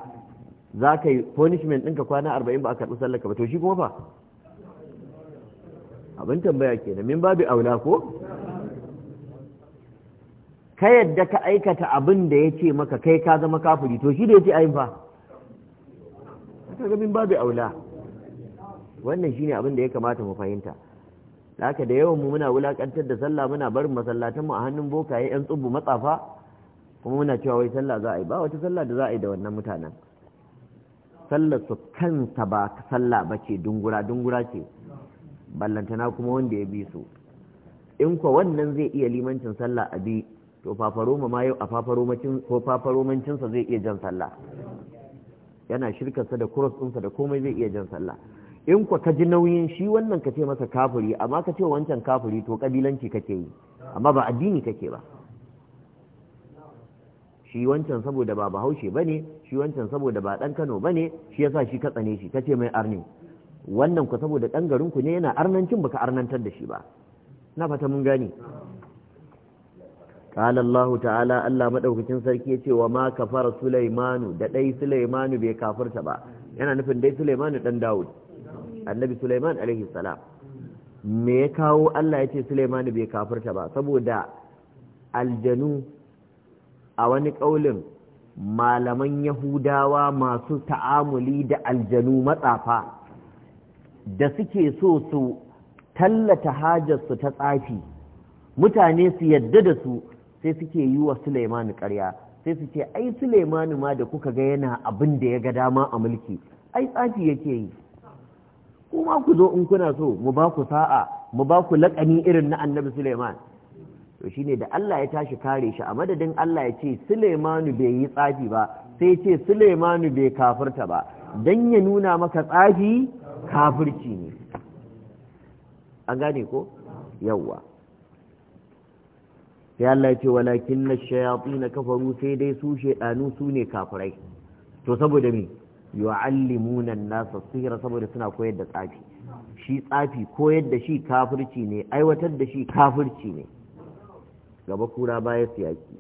za ka yi punishment ɗinka kwana 40 ba a karɓi sallaka ba to shi kuma fa abin tambaya kenan min babu aula ko ka yadda ka aikata abin da ya ce maka kai ka zama kafiri to shi da ya ce ayin fa ka ga min babu aula wannan shine abin da ya kamata mu fahimta aka da yawan mu muna wulakantar da sallah muna barin masallatan mu a hannun bokaye yan tsubu matsafa kuma muna cewa wai sallah za a yi ba wata sallah da za a yi da wannan mutanen sallar su kansa ba sallah ba ce dungura dungura ce ballantana kuma wanda ya bi su in kuwa wannan zai iya limancin sallah a bi to fafaroma ma yau a ko fafaromancinsa zai iya jan sallah yana shirkarsa da cross sa da komai zai iya jan sallah in kwa ka ji nauyin shi wannan ka ce masa kafiri amma ka ce wancan kafiri to kabilanci kake yi amma ba addini kake ba shi wancan saboda ba bahaushe bane shi wancan saboda ba dan Kano bane shi yasa shi ka tsane shi kace mai arni wannan ku saboda ɗan garinku ne yana arnancin baka arnantar da shi ba na fata mun gani qala ta'ala Allah madaukakin sarki ya ce wa ma kafara Sulaimanu da dai Sulaimanu bai kafirta ba yana nufin dai Sulaimanu dan Dawud annabi Sulaiman alaihi salam me ya kawo Allah ya ce Sulaimanu bai kafirta ba saboda aljanu a wani kaulin malaman Yahudawa masu ta'amuli da aljanu matsafa da suke so su tallata hajarsu ta tsafi mutane su yadda da su sai suke yi wa Suleiman ƙarya sai su ce ai Suleimanu ma da kuka ga yana abin da ya ga dama a mulki ai tsafi yake yi kuma ku zo in kuna so mu ba ku sa'a mu ba ku laƙani irin na annabi Suleiman to shine da Allah ya tashi kare shi a madadin Allah ya ce Suleimanu bai yi tsafi ba sai ce Suleimanu bai kafirta ba dan ya nuna maka tsafi kafirci ne an gane ko yawwa sai Allah ce walakin na shayafi na kafaru sai dai su shaidanu su ne kafirai to saboda me yu'allimuna nasa sihira saboda suna koyar da tsafi shi tsafi koyar da shi kafirci ne aiwatar da shi kafirci ne gaba kura baya siyaki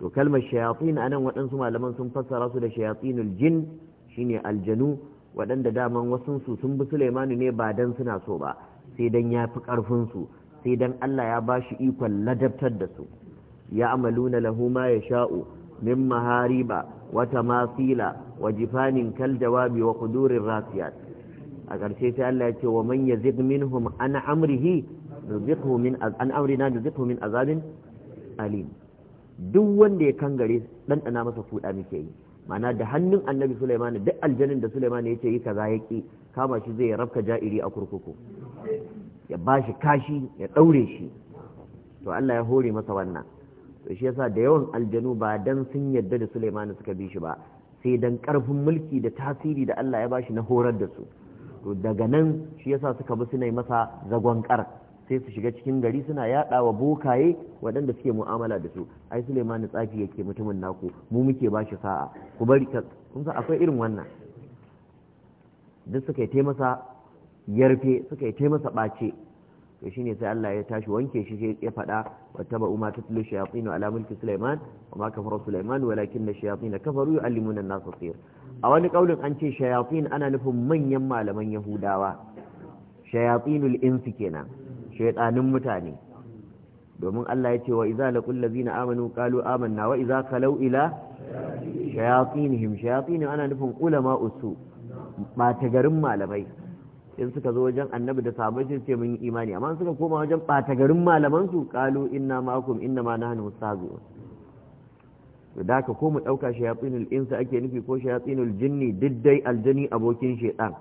to kalmar shayatin anan waɗansu malaman sun fassara su da shayatinul jin shine aljanu waɗanda daman wasansu sun bi Sulaimanu ne ba dan suna so ba sai dan ya fi ƙarfinsu sai dan Allah ya ba shi ikon ladabtar da su ya amaluna lahu ma ya sha'u min mahariba wata masila wa jifanin kal jawabi wa kudurin rasiyat a ƙarshe sai Allah ya ce wa man yazid minhum an amrihi an amrina nuzikhu min azabin alim duk wanda ya kangare ɗanɗana masa fuda muke yi ma'ana da hannun annabi Suleiman duk aljanin da suleiman ya ce yi kaza ya ki kama shi zai rafka ja'iri a kurkuku ya bashi kashi ya daure shi to Allah ya hore masa wannan to shi yasa da yawan aljanu ba dan sun yadda da Suleiman suka bi shi ba sai dan karfin mulki da tasiri da Allah ya ba shi na horar da su to daga nan shi yasa suka bi suna masa zagon sai su shiga cikin gari suna yada wa bokaye waɗanda suke mu'amala da su ai Suleiman tsafi yake mutumin naku mu muke ba shi sa'a ku bari ka kun san akwai irin wannan duk suka yi taimasa yarfe suka yi taimasa ɓace to shine sai Allah ya tashi wanke shi sai ya faɗa taba umma tatlu shayatin ala mulki Sulaiman wa ma kafara Sulaiman walakinna shayatin kafaru yu'allimuna an nasu sir a wani kaulin an ce shayatin ana nufin manyan malaman Yahudawa shayatinul insi kenan shaidanin mutane domin Allah ya ce wa idza laqul zina amanu qalu amanna wa idza kalau ila shayatinihim shayatin ana nufin ulama usu ɓata garin malamai in suka zo wajen annabi da samun shi ce mun imani amma suka koma wajen ɓata garin malaman su qalu inna ma'akum inna ma nahnu mustazi'un da haka ko mu ɗauka shayatsinul insa ake nufi ko shayatsinul jinni diddai aljani abokin shaitan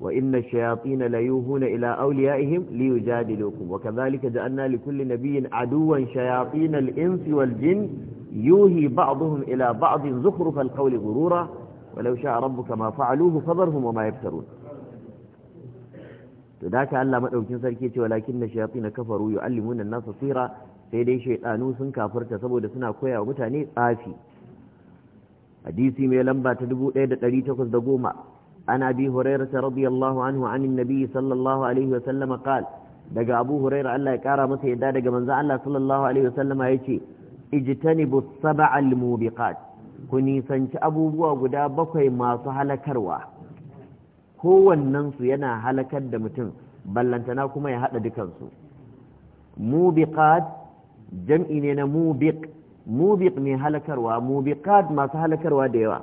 wa inna shayatina la yuhuna ila awliyaihim li yujadilukum wa kadhalika ja'alna li kulli nabiyyin aduwan shayatinal insi wal jin yuhi ba'dhum ila ba'dhin zukhrufal qawli ghurura walau sha'a rabbuka ma fa'aluhu fadharhum wa ma yaftarun to da haka Allah madaukin sarki ce walakin na shayatin kafaru yu'allimuna an-nasa sira sai dai shaidanu sun kafarta saboda suna koya wa mutane tsafi hadisi mai lamba ta 1810 bi abi hurairah radiyallahu anhu an annabi sallallahu alaihi sallama qal daga abu hurairah Allah ya kara masa yadda daga manzo Allah sallallahu alaihi wasallam yace ijtanibu sab'a al-mubiqat ku nisanci abubuwa guda bakwai masu halakarwa kowannen su yana halakar da mutum ballantana kuma ya hada dukansu mubiqat jam'i ne na mubiq mubiq ne halakarwa mubiqat masu halakarwa da yawa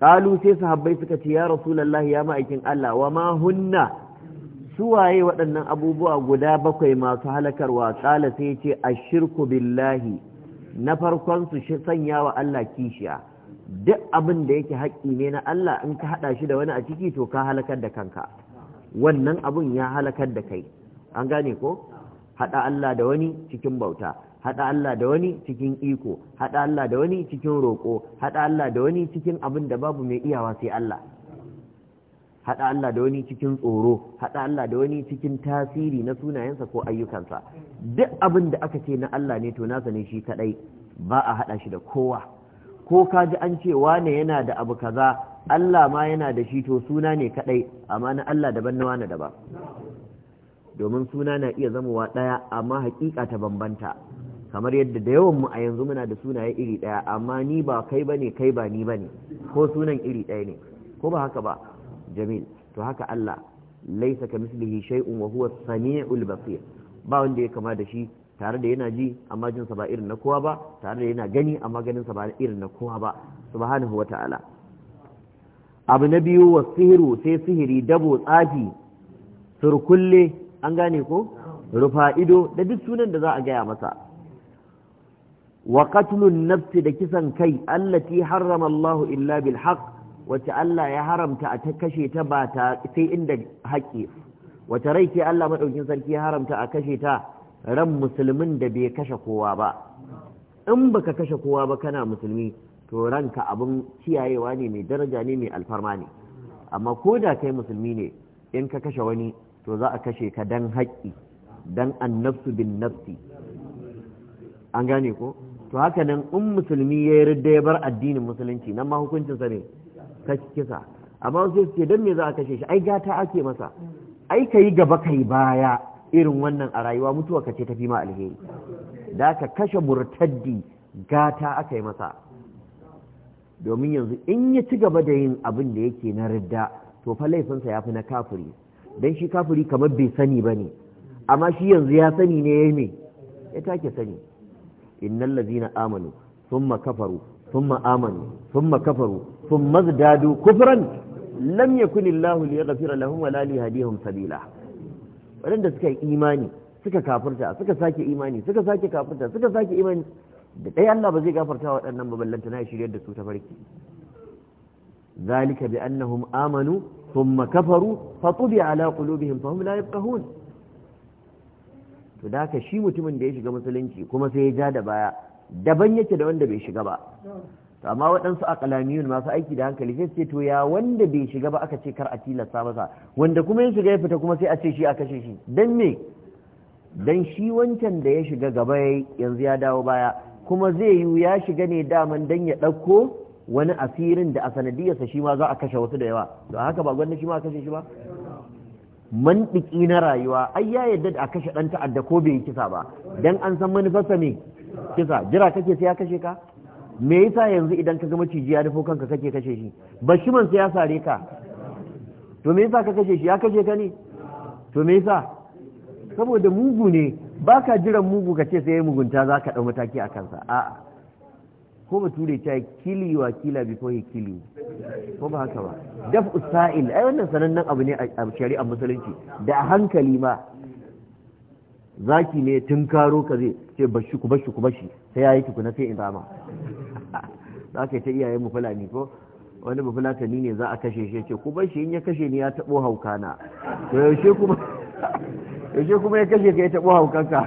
qalu sai sahabbai suka ce ya rasulallah ya ma'aikin Allah wa ma hunna waye waɗannan abubuwa guda bakwai masu halakarwa qala sai ce ashirku billahi na farkon su sanya wa Allah kishiya duk abin da yake haƙƙi ne na Allah in ka haɗa shi da wani a ciki to ka halakar da kanka wannan abun ya halakar da kai an gane ko haɗa Allah da wani cikin bauta haɗa Allah da wani cikin iko haɗa Allah da wani cikin roƙo haɗa Allah da wani cikin abin da babu mai iyawa sai Allah haɗa Allah da wani cikin tsoro haɗa Allah da wani cikin tasiri na sunayensa ko ayyukansa duk abin da aka ce na Allah ne to nasa ne shi kaɗai ba a haɗa shi da kowa ko ka ji an ce wane yana da abu kaza Allah ma yana da shi to suna ne kaɗai amma na Allah daban na wane daban domin suna na iya zamowa ɗaya amma haƙiƙa ta bambanta kamar yadda da yawan mu a yanzu muna da sunaye iri ɗaya amma ni ba kai ba ne kai ba ni ba ne ko sunan iri ɗaya ne ko ba haka ba jamil to haka Allah laisa ka mislihi shay'un wa huwa samiul basir ba wanda ya kama da shi tare da yana ji amma jinsa ba irin na kowa ba tare da yana gani amma sa ba irin na kowa ba subhanahu wata'ala abu na biyu wa sihiru sai sihiri dabo tsafi surkulle an gane ko rufa ido da duk sunan da za a gaya masa wa qatlun nafsi da kisan kai allati harrama Allahu illa bil haqq wace Allah ya haramta a ta kashe ta ba ta sai inda haƙƙi wace rai ke Allah maɗaukin sarki ya haramta a kashe ta ran musulmin da bai kashe kowa ba in baka kashe kowa ba kana musulmi to ranka abin ciyayewa ne mai daraja ne mai alfarma ne amma ko da kai musulmi ne in ka kashe wani to za a kashe ka dan haƙƙi dan annafsu bin nafsi an gane ko to haka nan in musulmi ya yarda ya bar addinin musulunci nan ma hukuncin sa ne kisa amma su ce dan me za a kashe shi ai gata ake masa ai kai gaba kai baya irin wannan a rayuwa mutuwa kace ce tafi ma alheri da ka kashe murtaddi gata aka yi masa domin yanzu in ya ci gaba da yin abin da yake na ridda to fa laifinsa ya fi na kafiri dan shi kafiri kamar bai sani ba ne amma shi yanzu ya sani ne ya yi me ya take sani innal ladzina amanu sun kafaru sun amanu sun kafaru thumma zadu kufran lam Lahu illahu liyaghfira lahum wa la Hadihun sabila Waɗanda suka yi imani suka kafirta suka sake imani suka sake kafirta suka sake imani da ɗaya Allah ba zai gafarta waɗannan baballanta na shiryar da su ta farki zalika bi annahum amanu ثم كفروا فطبع على قلوبهم فهم لا يفقهون to da shi mutumin da ya shiga musulunci kuma sai ya ja da baya daban yake da wanda bai shiga ba to amma waɗansu aqlaniyun masu aiki da hankali sai ce to ya wanda bai shiga ba aka ce kar a tilasta masa wanda kuma ya shiga ya fita kuma sai a ce shi a kashe shi dan me dan shi wancan da ya shiga gaba yanzu ya dawo baya kuma zai yiwu ya shiga ne daman dan ya ɗauko wani asirin da a sanadiyarsa shi ma za a kashe wasu da yawa to haka ba gwanda shi ma kashe shi ba mantiki na rayuwa ai ya yadda a kashe dan ta'adda ko bai yi kisa ba dan an san manufarsa ne kisa jira kake sai ya kashe ka me yasa yanzu idan ka ga maciji ya dafo kanka kake kashe shi man sai ya sare ka to me yasa ka kashe shi ya kashe ka ne to me yasa saboda mugu ne baka jiran mugu ka ce sai mugunta zaka dau mataki a kansa a'a ko ba bature ta kili wa kila before he kill you ko ba haka ba daf usail ai wannan sanannen abu ne a shari'a musulunci da a hankali ma zaki ne tun karo ka zai ce bashi ku bashi ku bashi sai yayi na sai in rama [LAUGHS] za ka ta iyayen mu fulani ko wani ba fulatani ne za a kashe shi ce ku bashi in ya kashe ni ya tabo haukana to yaushe kuma [LAUGHS] yaushe kuma ya kashe ka ya tabo haukanka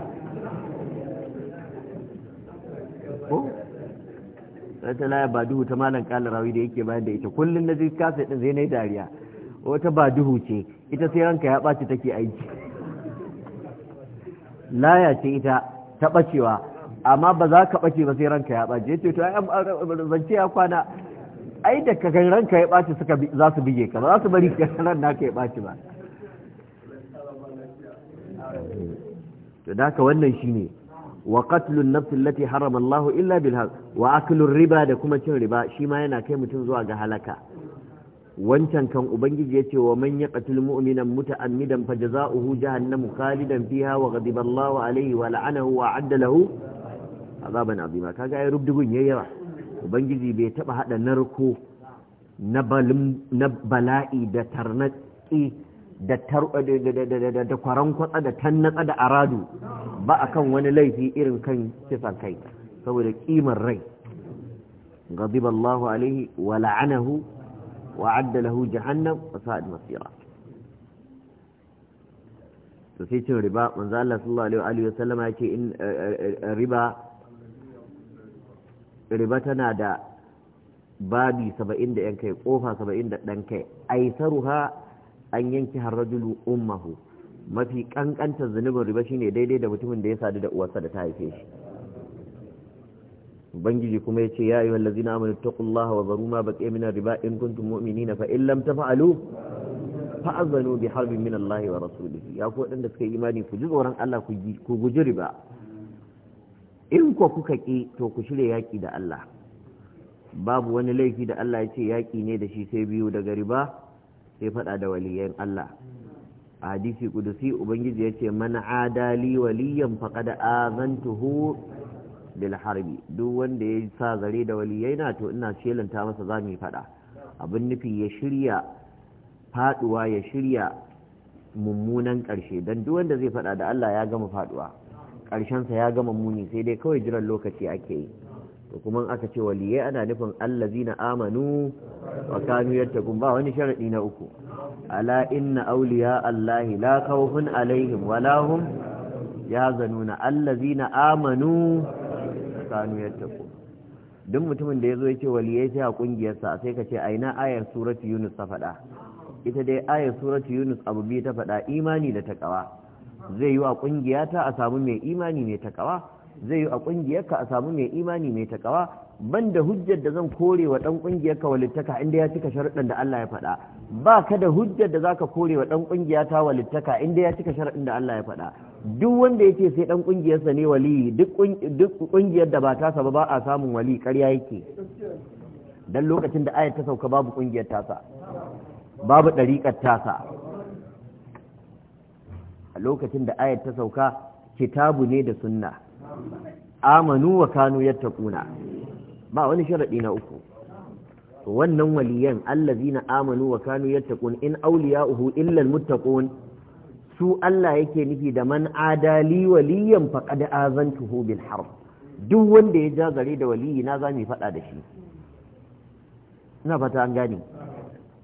ta laya ba duhu ta malam kalarawi da yake bayan da ita kullum na ji kasa din zai na dariya wata ba duhu ce ita sai ranka ya ɓaci take aiki laya ce ita ta ɓacewa amma ba za ka ɓace ba sai ranka ya ɓaci yace to zance ya kwana ai da ka ranka ya ɓaci suka za su bige ka ba za su bari ka [LAUGHS] ran naka ya ɓaci ba to da haka wannan shine wa qatlun nafs allati harama Allah illa bilhar wa aklur riba da kuma cin riba shi ma yana kai mutum zuwa ga halaka wancan kan ubangiji yace wa man yaqtul mu'mina muta'ammidan fajza'uhu jahannamu khalidan fiha wa ghadiba Allah alayhi wa la'anahu wa 'adda lahu azaban azima kaga ai rubdugun yayi yawa ubangiji bai taba hada narko na bala'i da tarnaki da kwaran kwatsa da tannatsa da aradu ba a kan wani laifi irin kan kisan kai saboda ƙimar rai غضب الله عليه ولعنه وعد له جهنم وساءت مصيرا sai cin riba manzo Allah sallallahu alaihi wa sallama yake in eh, eh, riba riba tana da babi 70 da yankai kofa 70 da dankai aisaruha an yanki harrajulu ummahu mafi kankanta zunubin riba shine daidai da mutumin da ya sadu da uwarsa da ta haife shi ubangiji kuma yace ya ayyuhal ladzina amanu taqullaha wa zaruma ma min riba in kuntum mu'minina fa in lam taf'alu fa'azanu bi harbin min Allah wa rasulihi ya ku wadanda suka yi imani ku ji tsoron Allah ku guji riba in ku kuka ki to ku shirya yaki da Allah babu wani laifi da Allah ya ce yaki ne da shi sai biyu daga riba sai faɗa da waliyan Allah a hadisi kudusi ubangiji ya ce mana adali waliyan faƙad azantuhu bil harbi duk wanda ya sa zare da waliyai na to ina shelanta masa za mu faɗa abin nufi ya shirya faɗuwa ya shirya mummunan ƙarshe don duk wanda zai faɗa da Allah ya gama faɗuwa ƙarshensa ya gama muni sai dai kawai jiran lokaci ake yi to kuma aka ce waliyai ana nufin allazina amanu wa kanu yattaqun ba wani sharadi na uku ala inna awliya allahi la khawfun alaihim wa lahum yahzanuna allazina amanu wa kanu yattaqun duk mutumin da ya yazo yace waliyai sai a kungiyar sai ka ce aina ayar surati yunus ta fada ita dai ayar surati yunus abu biyu ta faɗa, imani da takawa zai yi wa kungiya ta a samu mai imani mai takawa zai yi a ƙungiyarka a samu mai imani mai takawa da hujjar da zan kore wa ɗan ƙungiyarka walittaka inda ya cika sharaɗin da Allah ya faɗa ba ka da hujjar da zaka kore wa ɗan ƙungiya ta walittaka inda ya cika sharaɗin da Allah ya faɗa duk wanda yake sai ɗan ƙungiyarsa ne wali duk ƙungiyar da ba tasa ba ba a samun wali ƙarya yake dan lokacin da ayat ta sauka babu ƙungiyar tasa babu ɗariƙar tasa a lokacin da ayat ta sauka kitabu ne da sunna amanu wa kanu yattaquna ba wani sharadi na uku wannan waliyan allazina amanu wa kanu yattaqun in awliya'uhu illa almuttaqun su Allah yake nufi da man adali waliyan faqad azantuhu bil harb duk wanda ya jazare da waliyi na zamu fada da shi ina fata an gane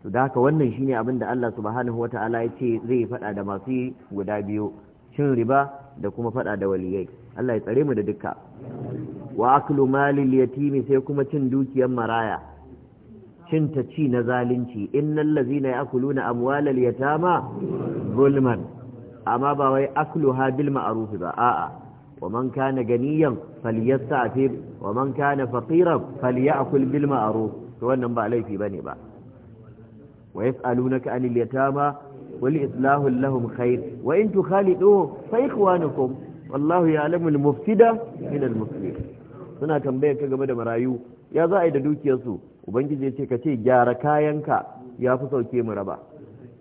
to da haka wannan shine abin da Allah subhanahu wata'ala ya ce zai fada da masu guda biyu cin riba da kuma fada da waliyai Allah ya tsare mu da dukka wa aklu malil yatimi sai kuma cin dukiyar maraya cin ta ci na zalunci innal ladzina ya'kuluna amwalal yatama zulman amma ba wai akluha bil ma'ruf ba a'a wa man kana ganiyan falyasta'fir wa man kana faqiran falyakul bil ma'ruf to wannan ba laifi bane ba wa yas'alunaka anil yatama wal islahu lahum khair wa in tukhaliduhu fa ikhwanukum wallahu ya alamul mufsida min al suna tambayar ka game da marayu ya za a yi da dukiyarsu ubangiji ya ce ka ce gyara kayanka ya fi sauke mu raba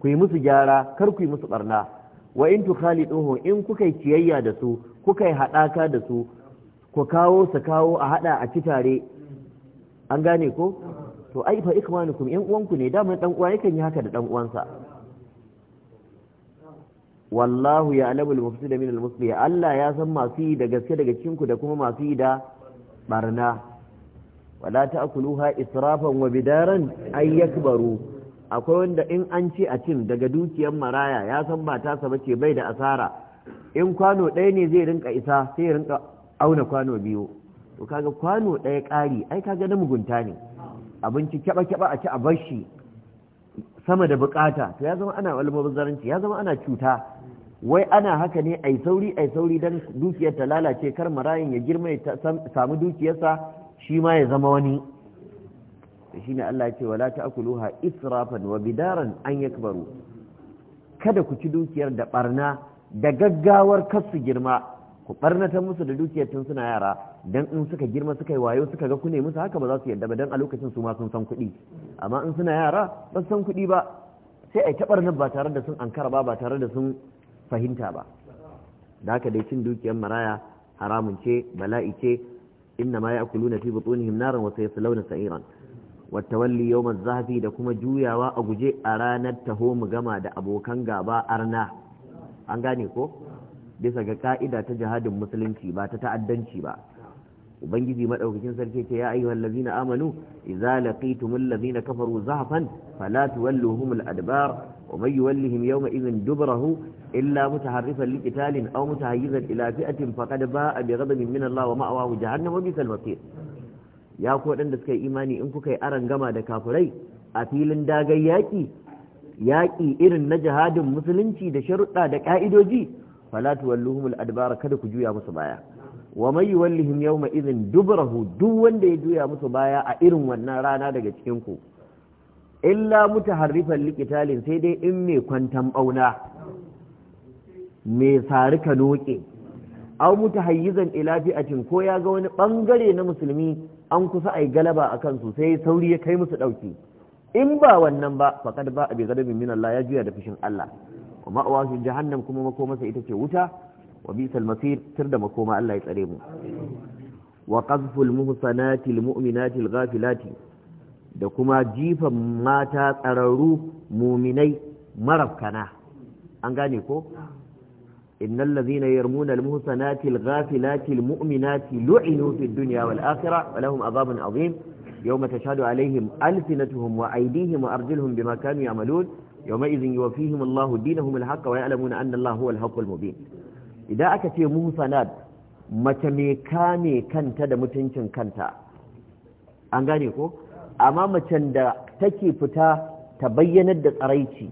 ku yi musu gyara kar ku yi musu barna wa in tukhaliduhu in kuka yi ciyayya da su kuka yi hadaka da su ku kawo su kawo a hada a ci tare an gane ko to ai fa ikwanukum yan uwanku ne da mai dan uwa yakan yi haka da dan uwansa wallahu ya alamul mufsid min al muslih Allah ya san masu yi da gaske daga cikin ku da kuma masu yi da barna wala ta'kuluha israfan wa bidaran ay yakbaru akwai wanda in an ce a cin daga dukiyar maraya ya san ba ta sa bace bai da asara in kwano ɗaya ne zai rinka isa sai ya rinka auna kwano biyu to kaga kwano ɗaya ƙari ai kaga na mugunta ne abinci kyaba kyaba a ci a bar shi sama da bukata to ya zama ana almubazzaranci ya zama ana cuta wai ana haka ne ai sauri ai sauri dan dukiyar ta lalace kar marayin ya girma ya samu dukiyarsa shi ma ya zama wani shi ne Allah ya ce wala ta'kuluha israfan wa bidaran an yakbaru kada ku ci dukiyar da barna da gaggawar kasu girma ku barnata musu da dukiyar tun suna yara dan in suka girma suka yi wayo suka ga ku ne musu haka ba za su yadda ba dan a lokacin su ma sun san kuɗi amma in suna yara ba san kuɗi ba sai ai ta barnar ba tare da sun ankara ba ba tare da sun fahimta ba da haka dai cin dukiyar maraya haramun ce bala'i ce inna ma na fi butunihim naran wa sayaslawna sa'iran والتولي يوم zafi da kuma juyawa a guje a ranar taho mu gama da abokan gaba arna an gane ko bisa ga ka'ida ta jihadin musulunci ba ta ta'addanci ba ubangiji madaukakin sarki ce ya ayyuhal ladina amanu idza laqitumul ladina kafaru zahfan fala tuwalluhum al adbar wa may yuwallihim yawma idhin dubrahu illa mutaharrifan liqitalin aw mutahayyizan ila fi'atin faqad ba'a bi ghadabin min Allah wa ma'awahu jahannam wa bisal masir ya ku waɗanda suka yi imani in kuka yi aran gama da kafirai a filin dagai yaƙi irin na jihadin musulunci da sharuɗa da ƙa'idoji fala tuwalluhum adbar kada ku juya musu baya wa mai yuwallihim yawma idhin dubrahu duk wanda ya juya musu baya a irin wannan rana daga cikin ku illa mutaharrifan liqitalin sai dai in mai kwantan bauna mai sari ka noke aw mutahayyizan ila fi'atin ko ya ga wani bangare na musulmi an kusa ai galaba akan su sai sauri ya kai musu ɗauki. in ba wannan ba faqad ba abi ghadabin min Allah ya juya da fushin Allah kuma awasu jahannam kuma mako masa ita ce wuta وبئس المصير ترد مكوما الله يتريم وقذف المحصنات المؤمنات الغافلات da kuma jifan mata tsararru muminai marafkana an gane ko innal ladhina yarmuna almuhsanati alghafilati almu'minati lu'inu fid dunya wal akhirah wa lahum adhabun adhim yawma tashhadu alayhim alsinatuhum wa aidihim wa arjuluhum bima kanu ya'malun yawma idhin yuwaffihim allahu dinahum alhaqqa wa ya'lamuna anna allaha huwa alhaqqul mubin idan aka ce Musa muhsanat mace mai kame kanta da mutuncin kanta an gane ko amma macen da take fita ta bayyanar da tsaraici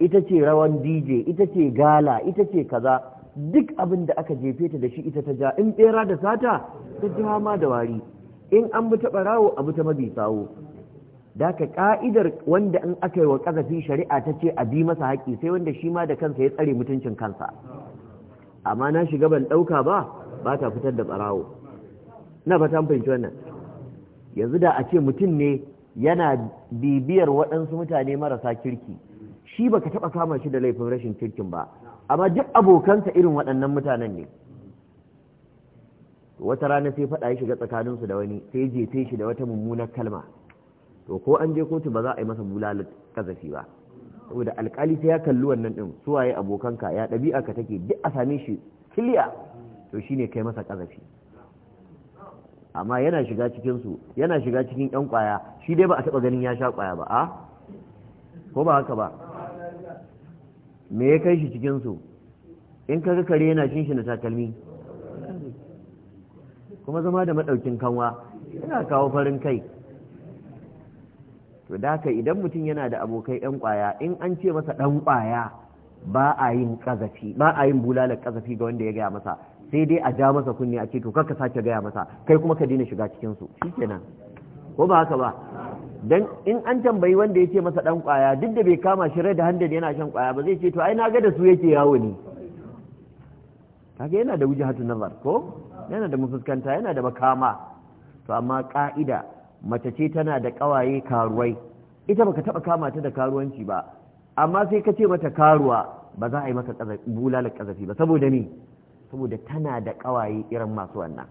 ita ce rawan dj ita ce gala ita ce kaza duk abin da aka jefe ta da shi ita ta ja in bera da sata ta ja ma da wari in an bi ta barawo abu ta mabi sawo da ka ka'idar wanda in aka yi wa kazafi shari'a ta ce a bi masa haƙƙi sai wanda shi ma da kansa ya tsare mutuncin kansa amma na shiga ban ɗauka ba ba ta fitar da ɓarawo na fatan fahimci wannan yanzu da a ce mutum ne yana bibiyar waɗansu mutane marasa kirki shi ba ka taɓa kama shi da laifin rashin kirkin ba amma duk abokansa irin waɗannan mutanen ne wata rana sai faɗa ya shiga tsakaninsu da wani sai je shi da wata mummunar kalma to ko an je kotu ba za a yi masa bulalar kazafi ba saboda alkali sai ya kalli wannan din su waye abokanka ya ɗabi'a ka take duk a same shi kiliya to shine kai masa kazafi amma yana shiga cikin su yana shiga cikin yan kwaya shi dai ba a taba ganin ya sha kwaya ba a ko ba haka ba me ya kai shi cikin su in ga kare yana shin shi na takalmi kuma zama da madaukin kanwa yana kawo farin kai to da haka idan mutum yana da abokai yan kwaya in an ce masa dan kwaya ba a yin kazafi ba a yin bulalar kazafi ga wanda ya gaya masa sai dai a ja masa kunni a ce to kaka sake gaya masa kai kuma ka daina shiga cikin su shikenan ko ba haka ba dan in an tambayi wanda ya ce masa ɗan kwaya duk da bai kama shi da handa yana shan kwaya ba zai ce to ai na ga da su yake yawo ne kage yana da wujahatun nazar ko yana da mafuskanta yana da makama to amma ka'ida mace ce tana da ƙawaye karuwai ita baka taɓa kama ta da karuwanci ba amma sai ka ce mata karuwa ba za a yi maka bulalar ƙazafi ba saboda ni saboda tana da ƙawaye irin masu wannan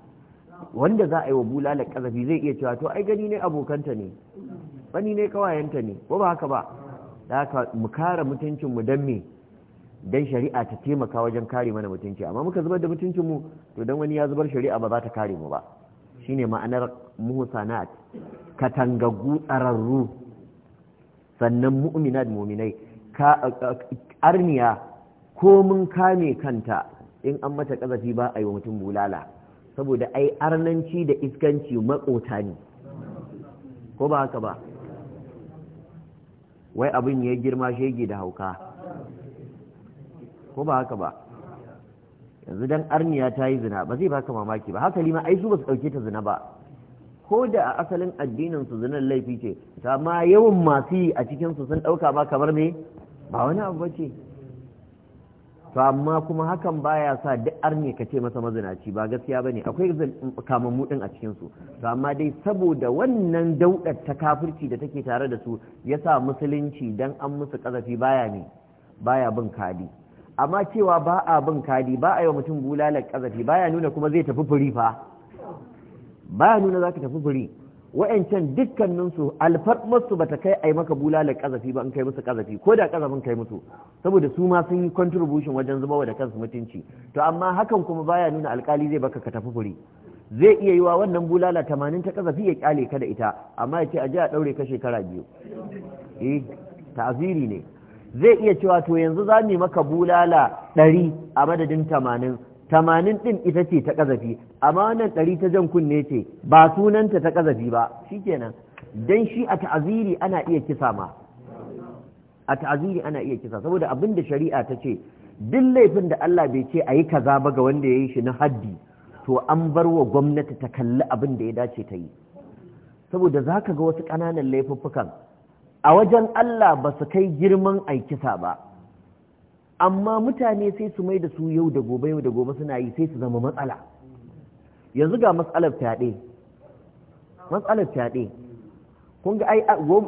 wanda za a yi wa bulalar ƙazafi zai iya cewa to ai gani ne abokanta ne Bani ne ƙawayenta ne ko ba haka ba da haka mu kare mutuncin mu dan me don shari'a ta taimaka wajen kare mana mutunci amma muka zubar da mu to dan wani ya zubar shari'a ba za ta kare mu ba shine ma'anar muhsanat katangaggu tsararru sannan mu'minat mu'minai arniya ko mun kame kanta in an mata kazafi ba a yi mutum bulala saboda ai arnanci da iskanci makota ne ko ba haka ba wai abin ya girma shege da hauka ko ba haka ba yanzu dan arniya ta yi zina ba zai baka mamaki ba haka lima ai su ba su ɗauke ta zina ba ko da a asalin addinin su zinan laifi ce amma yawan masu yi a cikin su sun ɗauka ba kamar me ba wani abu ba ce to amma kuma hakan baya sa duk arniya ka ce masa mazinaci ba gaskiya bane akwai kamammu din a cikin su to amma dai saboda wannan daudar ta kafirci da take tare da su yasa musulunci dan an musu kazafi baya ne baya bin kadi amma cewa ba a bin kadi ba a yi wa mutum bulalar kazafi ya nuna kuma zai tafi furi fa ba ya nuna za ka tafi furi wa'ancan dukkaninsu alfarmarsu ba ta kai a yi maka bulalar kazafi ba in kai musu kazafi ko da kazafin kai musu saboda su ma sun yi contribution wajen zuba da kansu mutunci to amma hakan kuma ba ya nuna alkali zai baka ka tafi furi zai iya yi wa wannan bulala tamanin ta kazafi ya kyale ka da ita amma ya ce a je a ɗaure ka shekara biyu eh ta'aziri ne zai iya cewa to yanzu za mu yi maka bulala ɗari a madadin tamanin tamanin ɗin ita ce ta ƙazafi amma wannan ɗari ta jan kunne ce ba sunanta ta ƙazafi ba shikenan Don shi a ta'aziri ana iya kisa ma a ta'aziri ana iya kisa saboda abin da shari'a ta ce duk laifin da Allah bai ce a yi kaza ba ga wanda ya yi shi na haddi to an bar wa gwamnati ta kalli abin da ya dace ta yi saboda za ka ga wasu ƙananan laifuffukan a wajen Allah ba su kai girman aikisa ba amma mutane sai su mai da su yau da gobe yau da gobe suna yi sai su zama matsala yanzu ga matsalar fyaɗe matsalar fyaɗe kun ga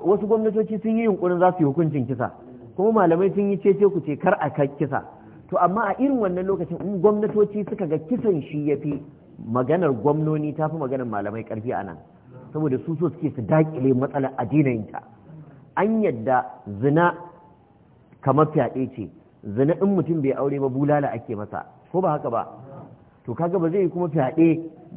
wasu gwamnatoci sun yi yunkurin za su yi hukuncin kisa kuma malamai sun yi cece ku ce kar a kai kisa to amma a irin wannan lokacin in gwamnatoci suka ga kisan shi ya fi maganar gwamnoni ta fi maganar malamai karfi a nan saboda su so suke su daƙile matsalar ta an yadda zina kamar fyaɗe ce zina in mutum bai aure ba bulala ake masa ko ba haka ba to kaga ba zai yi kuma fyaɗe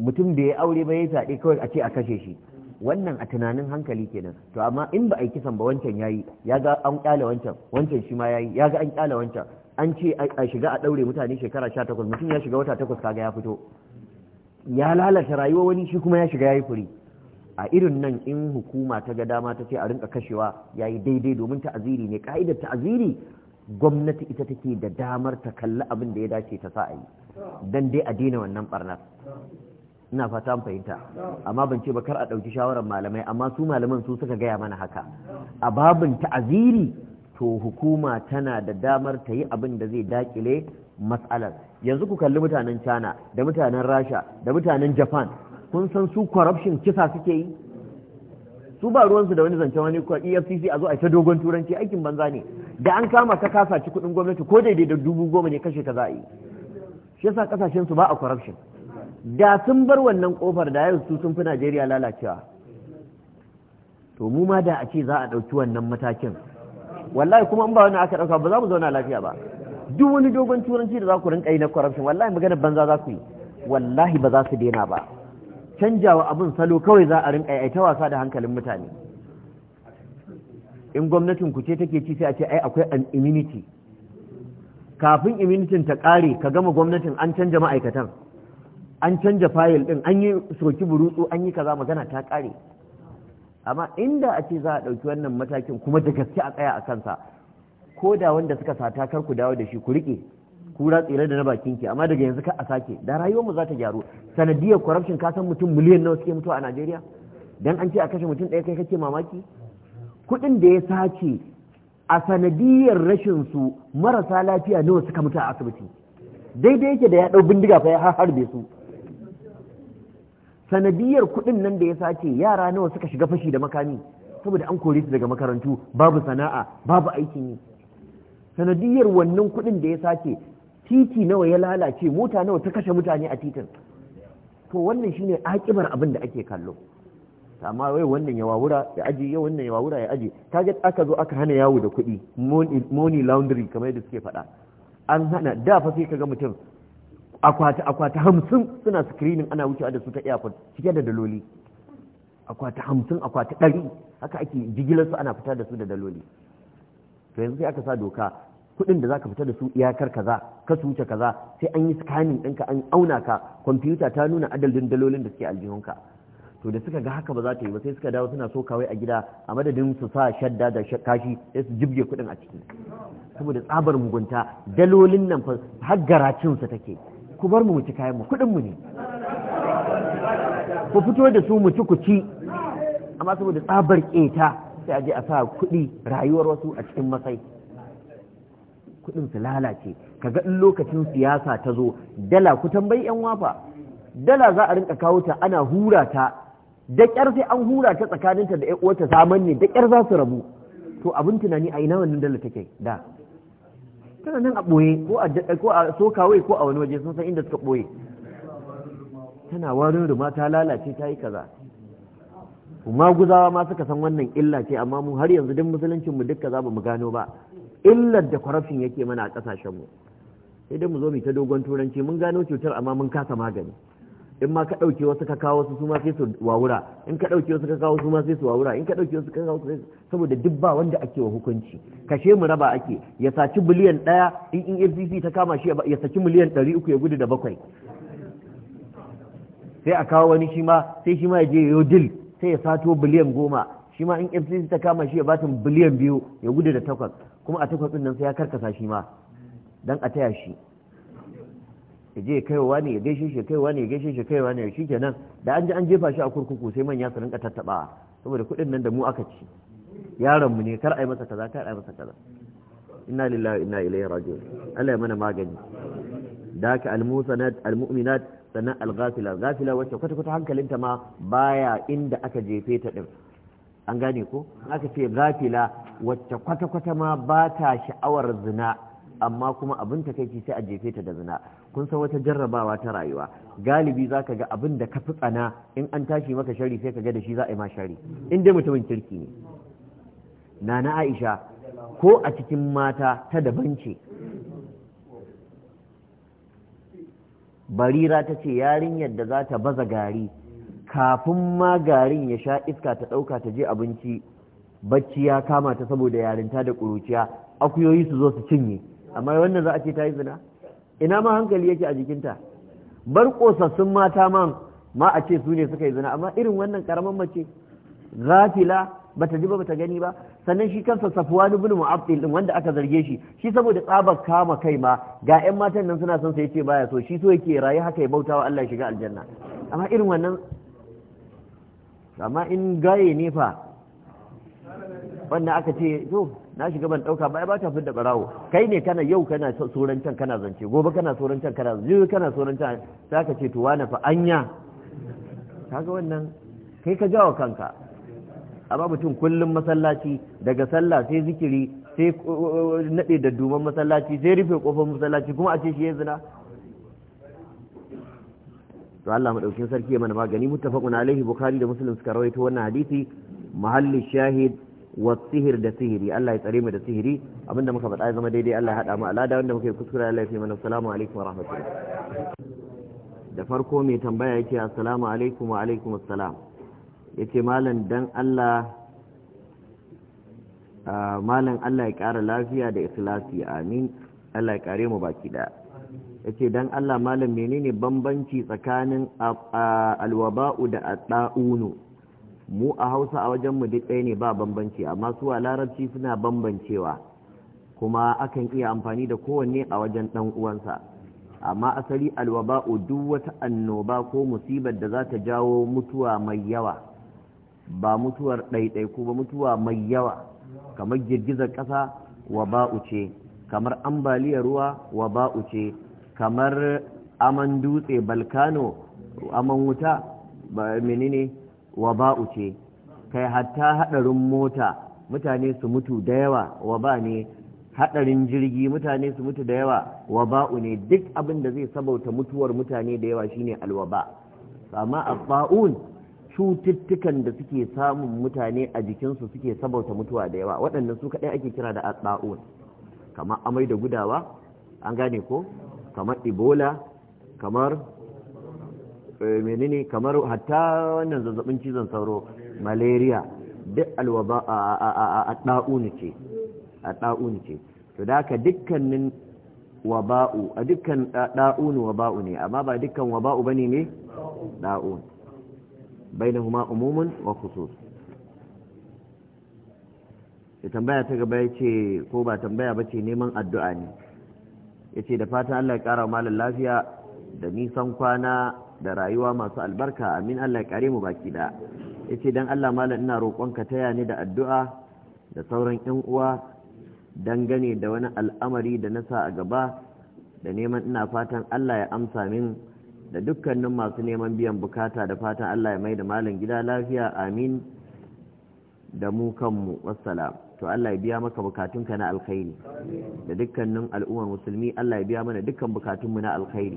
mutum bai aure ba ya fyaɗe kawai a ce a kashe shi wannan a tunanin hankali kenan to amma in ba a yi kisan ba wancan ya yi ya ga an kyale wancan wancan shi ma ya yi ya ga an kyale wancan an ce a shiga a ɗaure mutane shekara sha takwas mutum ya shiga wata takwas kaga ya fito ya lalata rayuwa wani shi kuma ya shiga ya yi furi a irin nan in hukuma ta ga dama ta ce a rinka kashewa ya yi daidai domin ta'aziri ne ka'idar ta'aziri gwamnati ita take da damar ta kalli abin da ya dace ta sa a yi don dai a daina wannan barnar ina fata an fahimta amma ban ce ba kar a ɗauki shawarar malamai amma su malaman su suka gaya mana haka a babin ta'aziri to hukuma tana da damar ta yi abin da zai dakile matsalar yanzu ku kalli mutanen china da mutanen rasha da mutanen japan kun san su corruption kisa suke yi su ba ruwansu da wani zancen wani kwa efcc a zo a ta dogon turanci aikin banza ne da an kama ka kasa ci kudin gwamnati ko daidai da dubu goma ne kashe ka za a yi shi yasa kasashen su ba a corruption da sun bar wannan kofar da yau su sun fi najeriya lalacewa to mu ma da a ce za a ɗauki wannan matakin wallahi kuma in ba wani aka ɗauka ba za mu zauna lafiya ba duk wani dogon turanci da za ku rinka yi na corruption wallahi magana banza za ku yi wallahi ba za su daina ba canjawa abin salo kawai za a rinka aita ta wasa da hankalin mutane in gwamnatin ku ce take ci sai a ce ai akwai an immunity kafin immunity ta kare ka gama gwamnatin an canja ma'aikatan an canja fayil ɗin, an yi soki burutsu an yi kaza magana ta kare amma inda a ce za a ɗauki wannan matakin kuma da gaske a tsaya a kansa ko da wanda suka sata kar ku dawo da shi ku riƙe kura tsere da na bakin ki amma daga yanzu ka a sake da rayuwar mu za ta gyaru sanadiyar corruption ka san mutum miliyan nawa suke mutuwa a Najeriya dan an ce a kashe mutum ɗaya kai kake mamaki kuɗin da ya sace a sanadiyar rashin su marasa lafiya nawa suka mutu a asibiti daidai yake da ya ɗau bindiga fa ya harbe su sanadiyar kuɗin nan da ya sace yara nawa suka shiga fashi da makami saboda an kore su daga makarantu babu sana'a babu aikin yi sanadiyar wannan kuɗin da ya sace titi nawa ya lalace mota nawa ta kashe mutane a titin to wannan shine akibar abin da ake kallo amma wai wannan ya wawura ya aji ya wannan ya wawura ya aji kaga aka zo aka hana yawo da kuɗi money laundry kamar yadda suke faɗa an hana da fa sai kaga mutum akwata akwata hamsin suna screening ana wucewa da su ta airport cike da daloli akwata hamsin akwata ɗari haka ake jigilar su ana fita da su da daloli to yanzu sai aka sa doka kuɗin da zaka fita da su iyakar kaza ka su wuce kaza sai an yi scanning ɗinka an auna ka kwamfuta ta nuna adadin dalolin da suke aljihunka to da suka ga haka ba za ta yi ba sai suka dawo suna so kawai a gida a madadin su sa shadda da kashi sai su jibge kuɗin a ciki saboda tsabar mugunta dalolin nan fa har garacin su take ku bar mu ci kayan mu kuɗin mu ne ku fito da su mu ci ku ci amma saboda tsabar keta sai a je a sa kuɗi rayuwar wasu a cikin masai kuɗin su lalace kaga in lokacin siyasa ta zo dala ku tambayi yan wafa dala za a rinka kawo ta ana hura ta da ƙyar sai an hura ta tsakaninta da wata zaman ne da ƙyar za su rabu to abin tunani a ina wannan dala take da tana nan a ɓoye ko a ko a ko a wani waje sun san inda suka ɓoye tana warin ruma ta lalace ta yi kaza maguzawa ma suka san wannan illa ce amma mu har yanzu duk musuluncin mu duk za mu gano ba illar da corruption yake mana a kasashen mu sai dai mu zo mu ta dogon turanci mun gano cutar amma mun kasa magani in ma ka dauke wasu ka kawo su ma sai su wawura in ka dauke wasu ka kawo su ma sai su wawura in ka dauke wasu ka kawo su saboda duk ba wanda ake wa hukunci kashe mu raba ake ya saci biliyan ɗaya in FCC ta kama shi ya saci miliyan ɗari uku ya gudu da bakwai sai a kawo wani shi ma sai shi ma ya je ya dil sai ya sato biliyan goma shi ma in FCC ta kama shi ya batin biliyan biyu ya gudu da takwas kuma a takwas ɗin nan sai ya karkasa shi ma don a taya shi ya je kaiwa ne ya gaishe shi kaiwa ne ya gaishe shi kaiwa ne shi kenan da an ji an jefa shi a kurkuku sai manya su rinka tattaba saboda kuɗin nan da mu aka ci yaron mu ne kar a yi masa kaza kar a yi masa kaza inna lillahi inna ilaihi raji'un Allah ya mana magani da ka almusanat almu'minat sannan alghafila ghafila wacce kwata kwata hankalinta ma baya inda aka jefe ta din an gane ko aka ce gafila wacce kwata-kwata ma ba ta sha'awar zina amma kuma abin ta kai sai a jefe ta da zina kun san wata jarrabawa ta rayuwa galibi za ka ga abin da ka fi tsana in an tashi maka shari sai ka ga da shi za a yi ma shari in dai mutumin kirki ne nana aisha ko a cikin mata ta daban ce barira ta ce yarinyar da za ta baza gari kafin ma garin ya sha iska ta ɗauka ta je abinci bacci ya kama ta saboda yarinta da ƙuruciya akuyoyi su zo su cinye amma wannan za a ce ta yi zina ina ma hankali yake a jikinta bar ƙosassun mata man ma a ce su ne suka yi zina amma irin wannan ƙaramin mace gafila ta ji ba ta gani ba sannan shi kansa ni ibn mu'abdil din wanda aka zarge shi shi saboda tsabar kama kai ma ga 'yan matan nan suna son sa yace baya so shi so yake rayu haka ya bautawa Allah ya shiga aljanna amma irin wannan amma in gaye ne fa wannan aka ce to na shiga ban dauka ba ba ta fi da barawo kai ne kana yau kana soran kana zance gobe kana soran kana zance kana soran sai aka ce to wani fa anya kaga wannan kai ka jawo kanka amma mutum kullum masallaci daga sallah sai zikiri sai uh, uh, uh, nade da duman masallaci sai rufe kofar masallaci kuma a ce shi ya zina to Allah madaukin sarki ya mana magani muttafaqun alaihi bukhari da muslim suka rawaito wannan hadisi mahalli shahid wa sihir da sihiri Allah ya tsare mu da sihiri abinda muka faɗa ya zama daidai Allah ya hada mu alada wanda muka yi kuskure Allah ya fi mana assalamu alaikum wa rahmatullahi da farko mai tambaya yake assalamu alaikum wa alaikum assalam yace malam dan Allah ah, malam Allah ya ƙara lafiya da ikhlasi amin Allah ya kare mu baki daya ya ce don Allah malam ne bambanci tsakanin alwaba'u da ɗaunu mu a hausa a wajenmu duk ɗaya ne ba bambanci amma su a larabci suna bambancewa kuma akan iya amfani da kowanne a wajen ɗan uwansa amma asali alwaba'u duk wata annoba ko musibar da za ta jawo mutuwa mai yawa ba mutuwar ɗaiɗaiku ba mutuwa mai yawa kamar girgizar ƙasa waba'u ce kamar ambaliyar ruwa waba'u ce kamar aman dutse balkano aman wuta menene waba'u ce kai hatta hadarin mota mutane su mutu da yawa waba ne hadarin jirgi mutane su mutu da yawa waba'u ne duk abin da zai sabauta mutuwar mutane da yawa shine alwaba amma abba'un cututtukan da suke samun mutane a jikinsu suke sabauta mutuwa da yawa waɗannan su kaɗai ake kira da abba'un kamar amai da gudawa an gane ko kamar ebola kamar eh, menene kamar hatta wannan zazzabin cizon sauro malaria duk alwaba a ɗa'unice, ce a ɗa'uni ce to da ka dukkanin waba'u a dukkan ɗa'uni waba'u ne amma ba dukkan waba'u bane ne ɗa'un huma umumun wa khusus ita tambaya ta gaba ya ce ko ba tambaya ba ce neman addu'a ne ya ce da fatan Allah ya ƙara malin lafiya da nisan kwana da rayuwa masu albarka amin Allah ya ƙare mu baki da ya ce don Allah malin ina ka taya ni da addu'a da sauran 'yan uwa dangane da wani al'amari da na sa a gaba da neman ina fatan Allah ya amsa min da dukkanin masu neman biyan bukata da fatan Allah ya mai da malin gida lafiya amin da mu kanmu wassalam to Allah ya biya maka bukatunka na alkhairi da dukkanin al'ummar musulmi Allah ya biya mana dukkan bukatunmu na alkhairi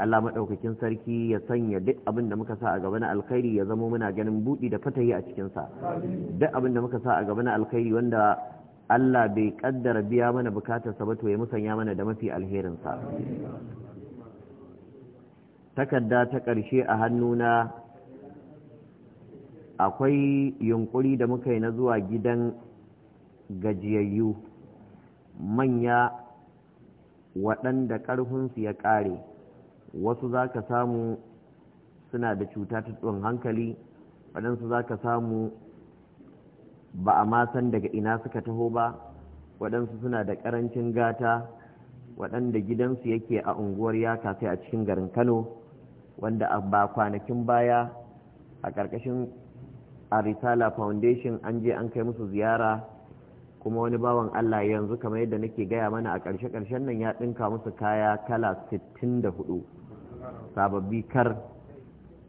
Allah madaukakin sarki ya sanya duk abin da muka sa a gaba na alkhairi ya zama muna ganin budi da fatayi a cikin sa duk abin da muka sa a gaba na alkhairi wanda Allah bai ƙaddara biya mana bukatarsa ba to ya musanya mana da mafi alherin sa takarda ta ƙarshe a hannuna akwai yunkuri da muka yi na zuwa gidan gajiyayyu manya waɗanda ƙarfinsu ya ƙare wasu za ka samu suna da cuta ta ɗin hankali waɗansu za ka samu ba a masan daga ina suka taho ba waɗansu suna da ƙarancin gata waɗanda gidansu yake a unguwar ya sai a cikin garin kano wanda a ba kwanakin baya a ƙarƙashin a risala foundation an je an kai musu ziyara kuma wani bawan Allah yanzu kamar yadda nake gaya mana a ƙarshe-ƙarshen nan ya ɗinka musu kaya kala 64 sababbi kar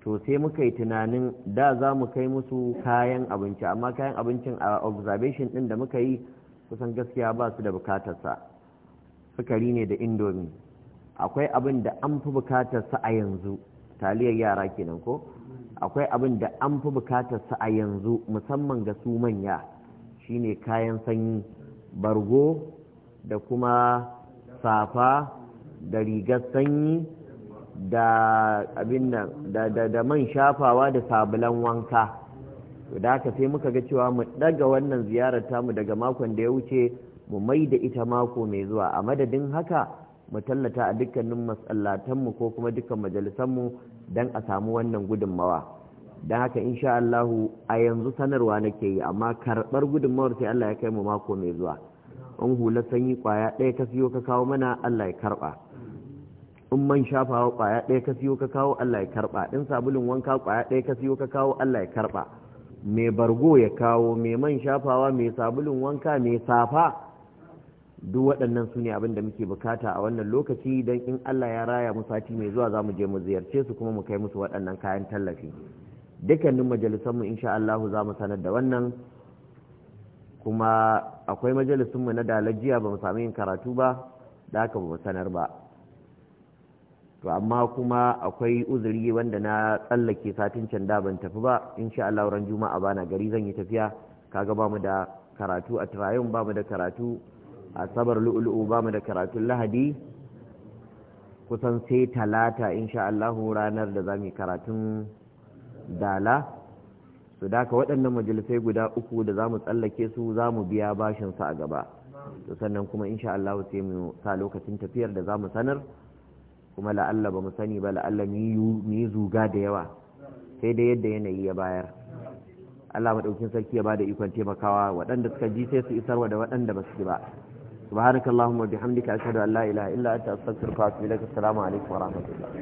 to sai muka yi tunanin da za mu kai musu kayan abinci amma kayan abincin a observation ɗin da muka yi kusan gaskiya ba su da bukatarsa sukari ne da indomi akwai abin da an fi bukatarsa a yanzu taliyar yara kenan ko akwai abin da an fi bukatarsa a yanzu musamman ga su manya shine kayan sanyi bargo da kuma safa da rigar sanyi da abin da, man shafawa da sabulan wanka da aka sai muka ga cewa mu daga wannan ziyarar tamu daga makon da ya wuce mu mai da ita mako mai zuwa a madadin haka mu tallata a dukkanin masallatanmu ko kuma dukkan majalisanmu don a samu wannan gudunmawa don haka insha Allahu a yanzu sanarwa nake yi amma karɓar gudunmawar sai Allah ya kai mu mako mai zuwa in hula sanyi kwaya ɗaya ka siyo ka kawo mana Allah ya karɓa in man shafawa kwaya ɗaya ka siyo ka kawo Allah ya karɓa in sabulun wanka kwaya ɗaya ka siyo ka kawo Allah ya karɓa mai bargo ya kawo mai man shafawa mai sabulun wanka mai safa duk waɗannan su ne abin da muke bukata a wannan lokaci don in Allah ya raya mu sati mai zuwa za mu je mu ziyarce su kuma mu kai musu waɗannan kayan tallafi dukkanin majalisanmu insha Allahu za mu sanar da wannan kuma akwai majalisunmu na dalajiya ba mu sami yin karatu ba da haka ba sanar ba to amma kuma akwai uzuri wanda na tsallake satin can da ban tafi ba insha Allah ran juma'a bana gari zan yi tafiya kaga ba mu da karatu a tarayin ba mu da karatu a sabar lu'ulu'u ba mu da karatun lahadi kusan sai talata insha Allah ranar da za mu yi karatun dala su daka waɗannan majalisai guda uku da za mu tsallake su za mu biya su a gaba to sannan kuma insha Allah sai mu sa lokacin tafiyar da za mu sanar kuma la'alla ba mu sani ba la'alla mu yi zuga da yawa sai da yadda yanayi ya bayar Allah maɗaukin sarki ya ba da ikon taimakawa waɗanda suka ji sai su isarwa da waɗanda ba su ba subhanakallahumma bihamdika ashhadu an la ilaha illa anta astaghfiruka wa atubu ilaik assalamu alaikum wa rahmatullah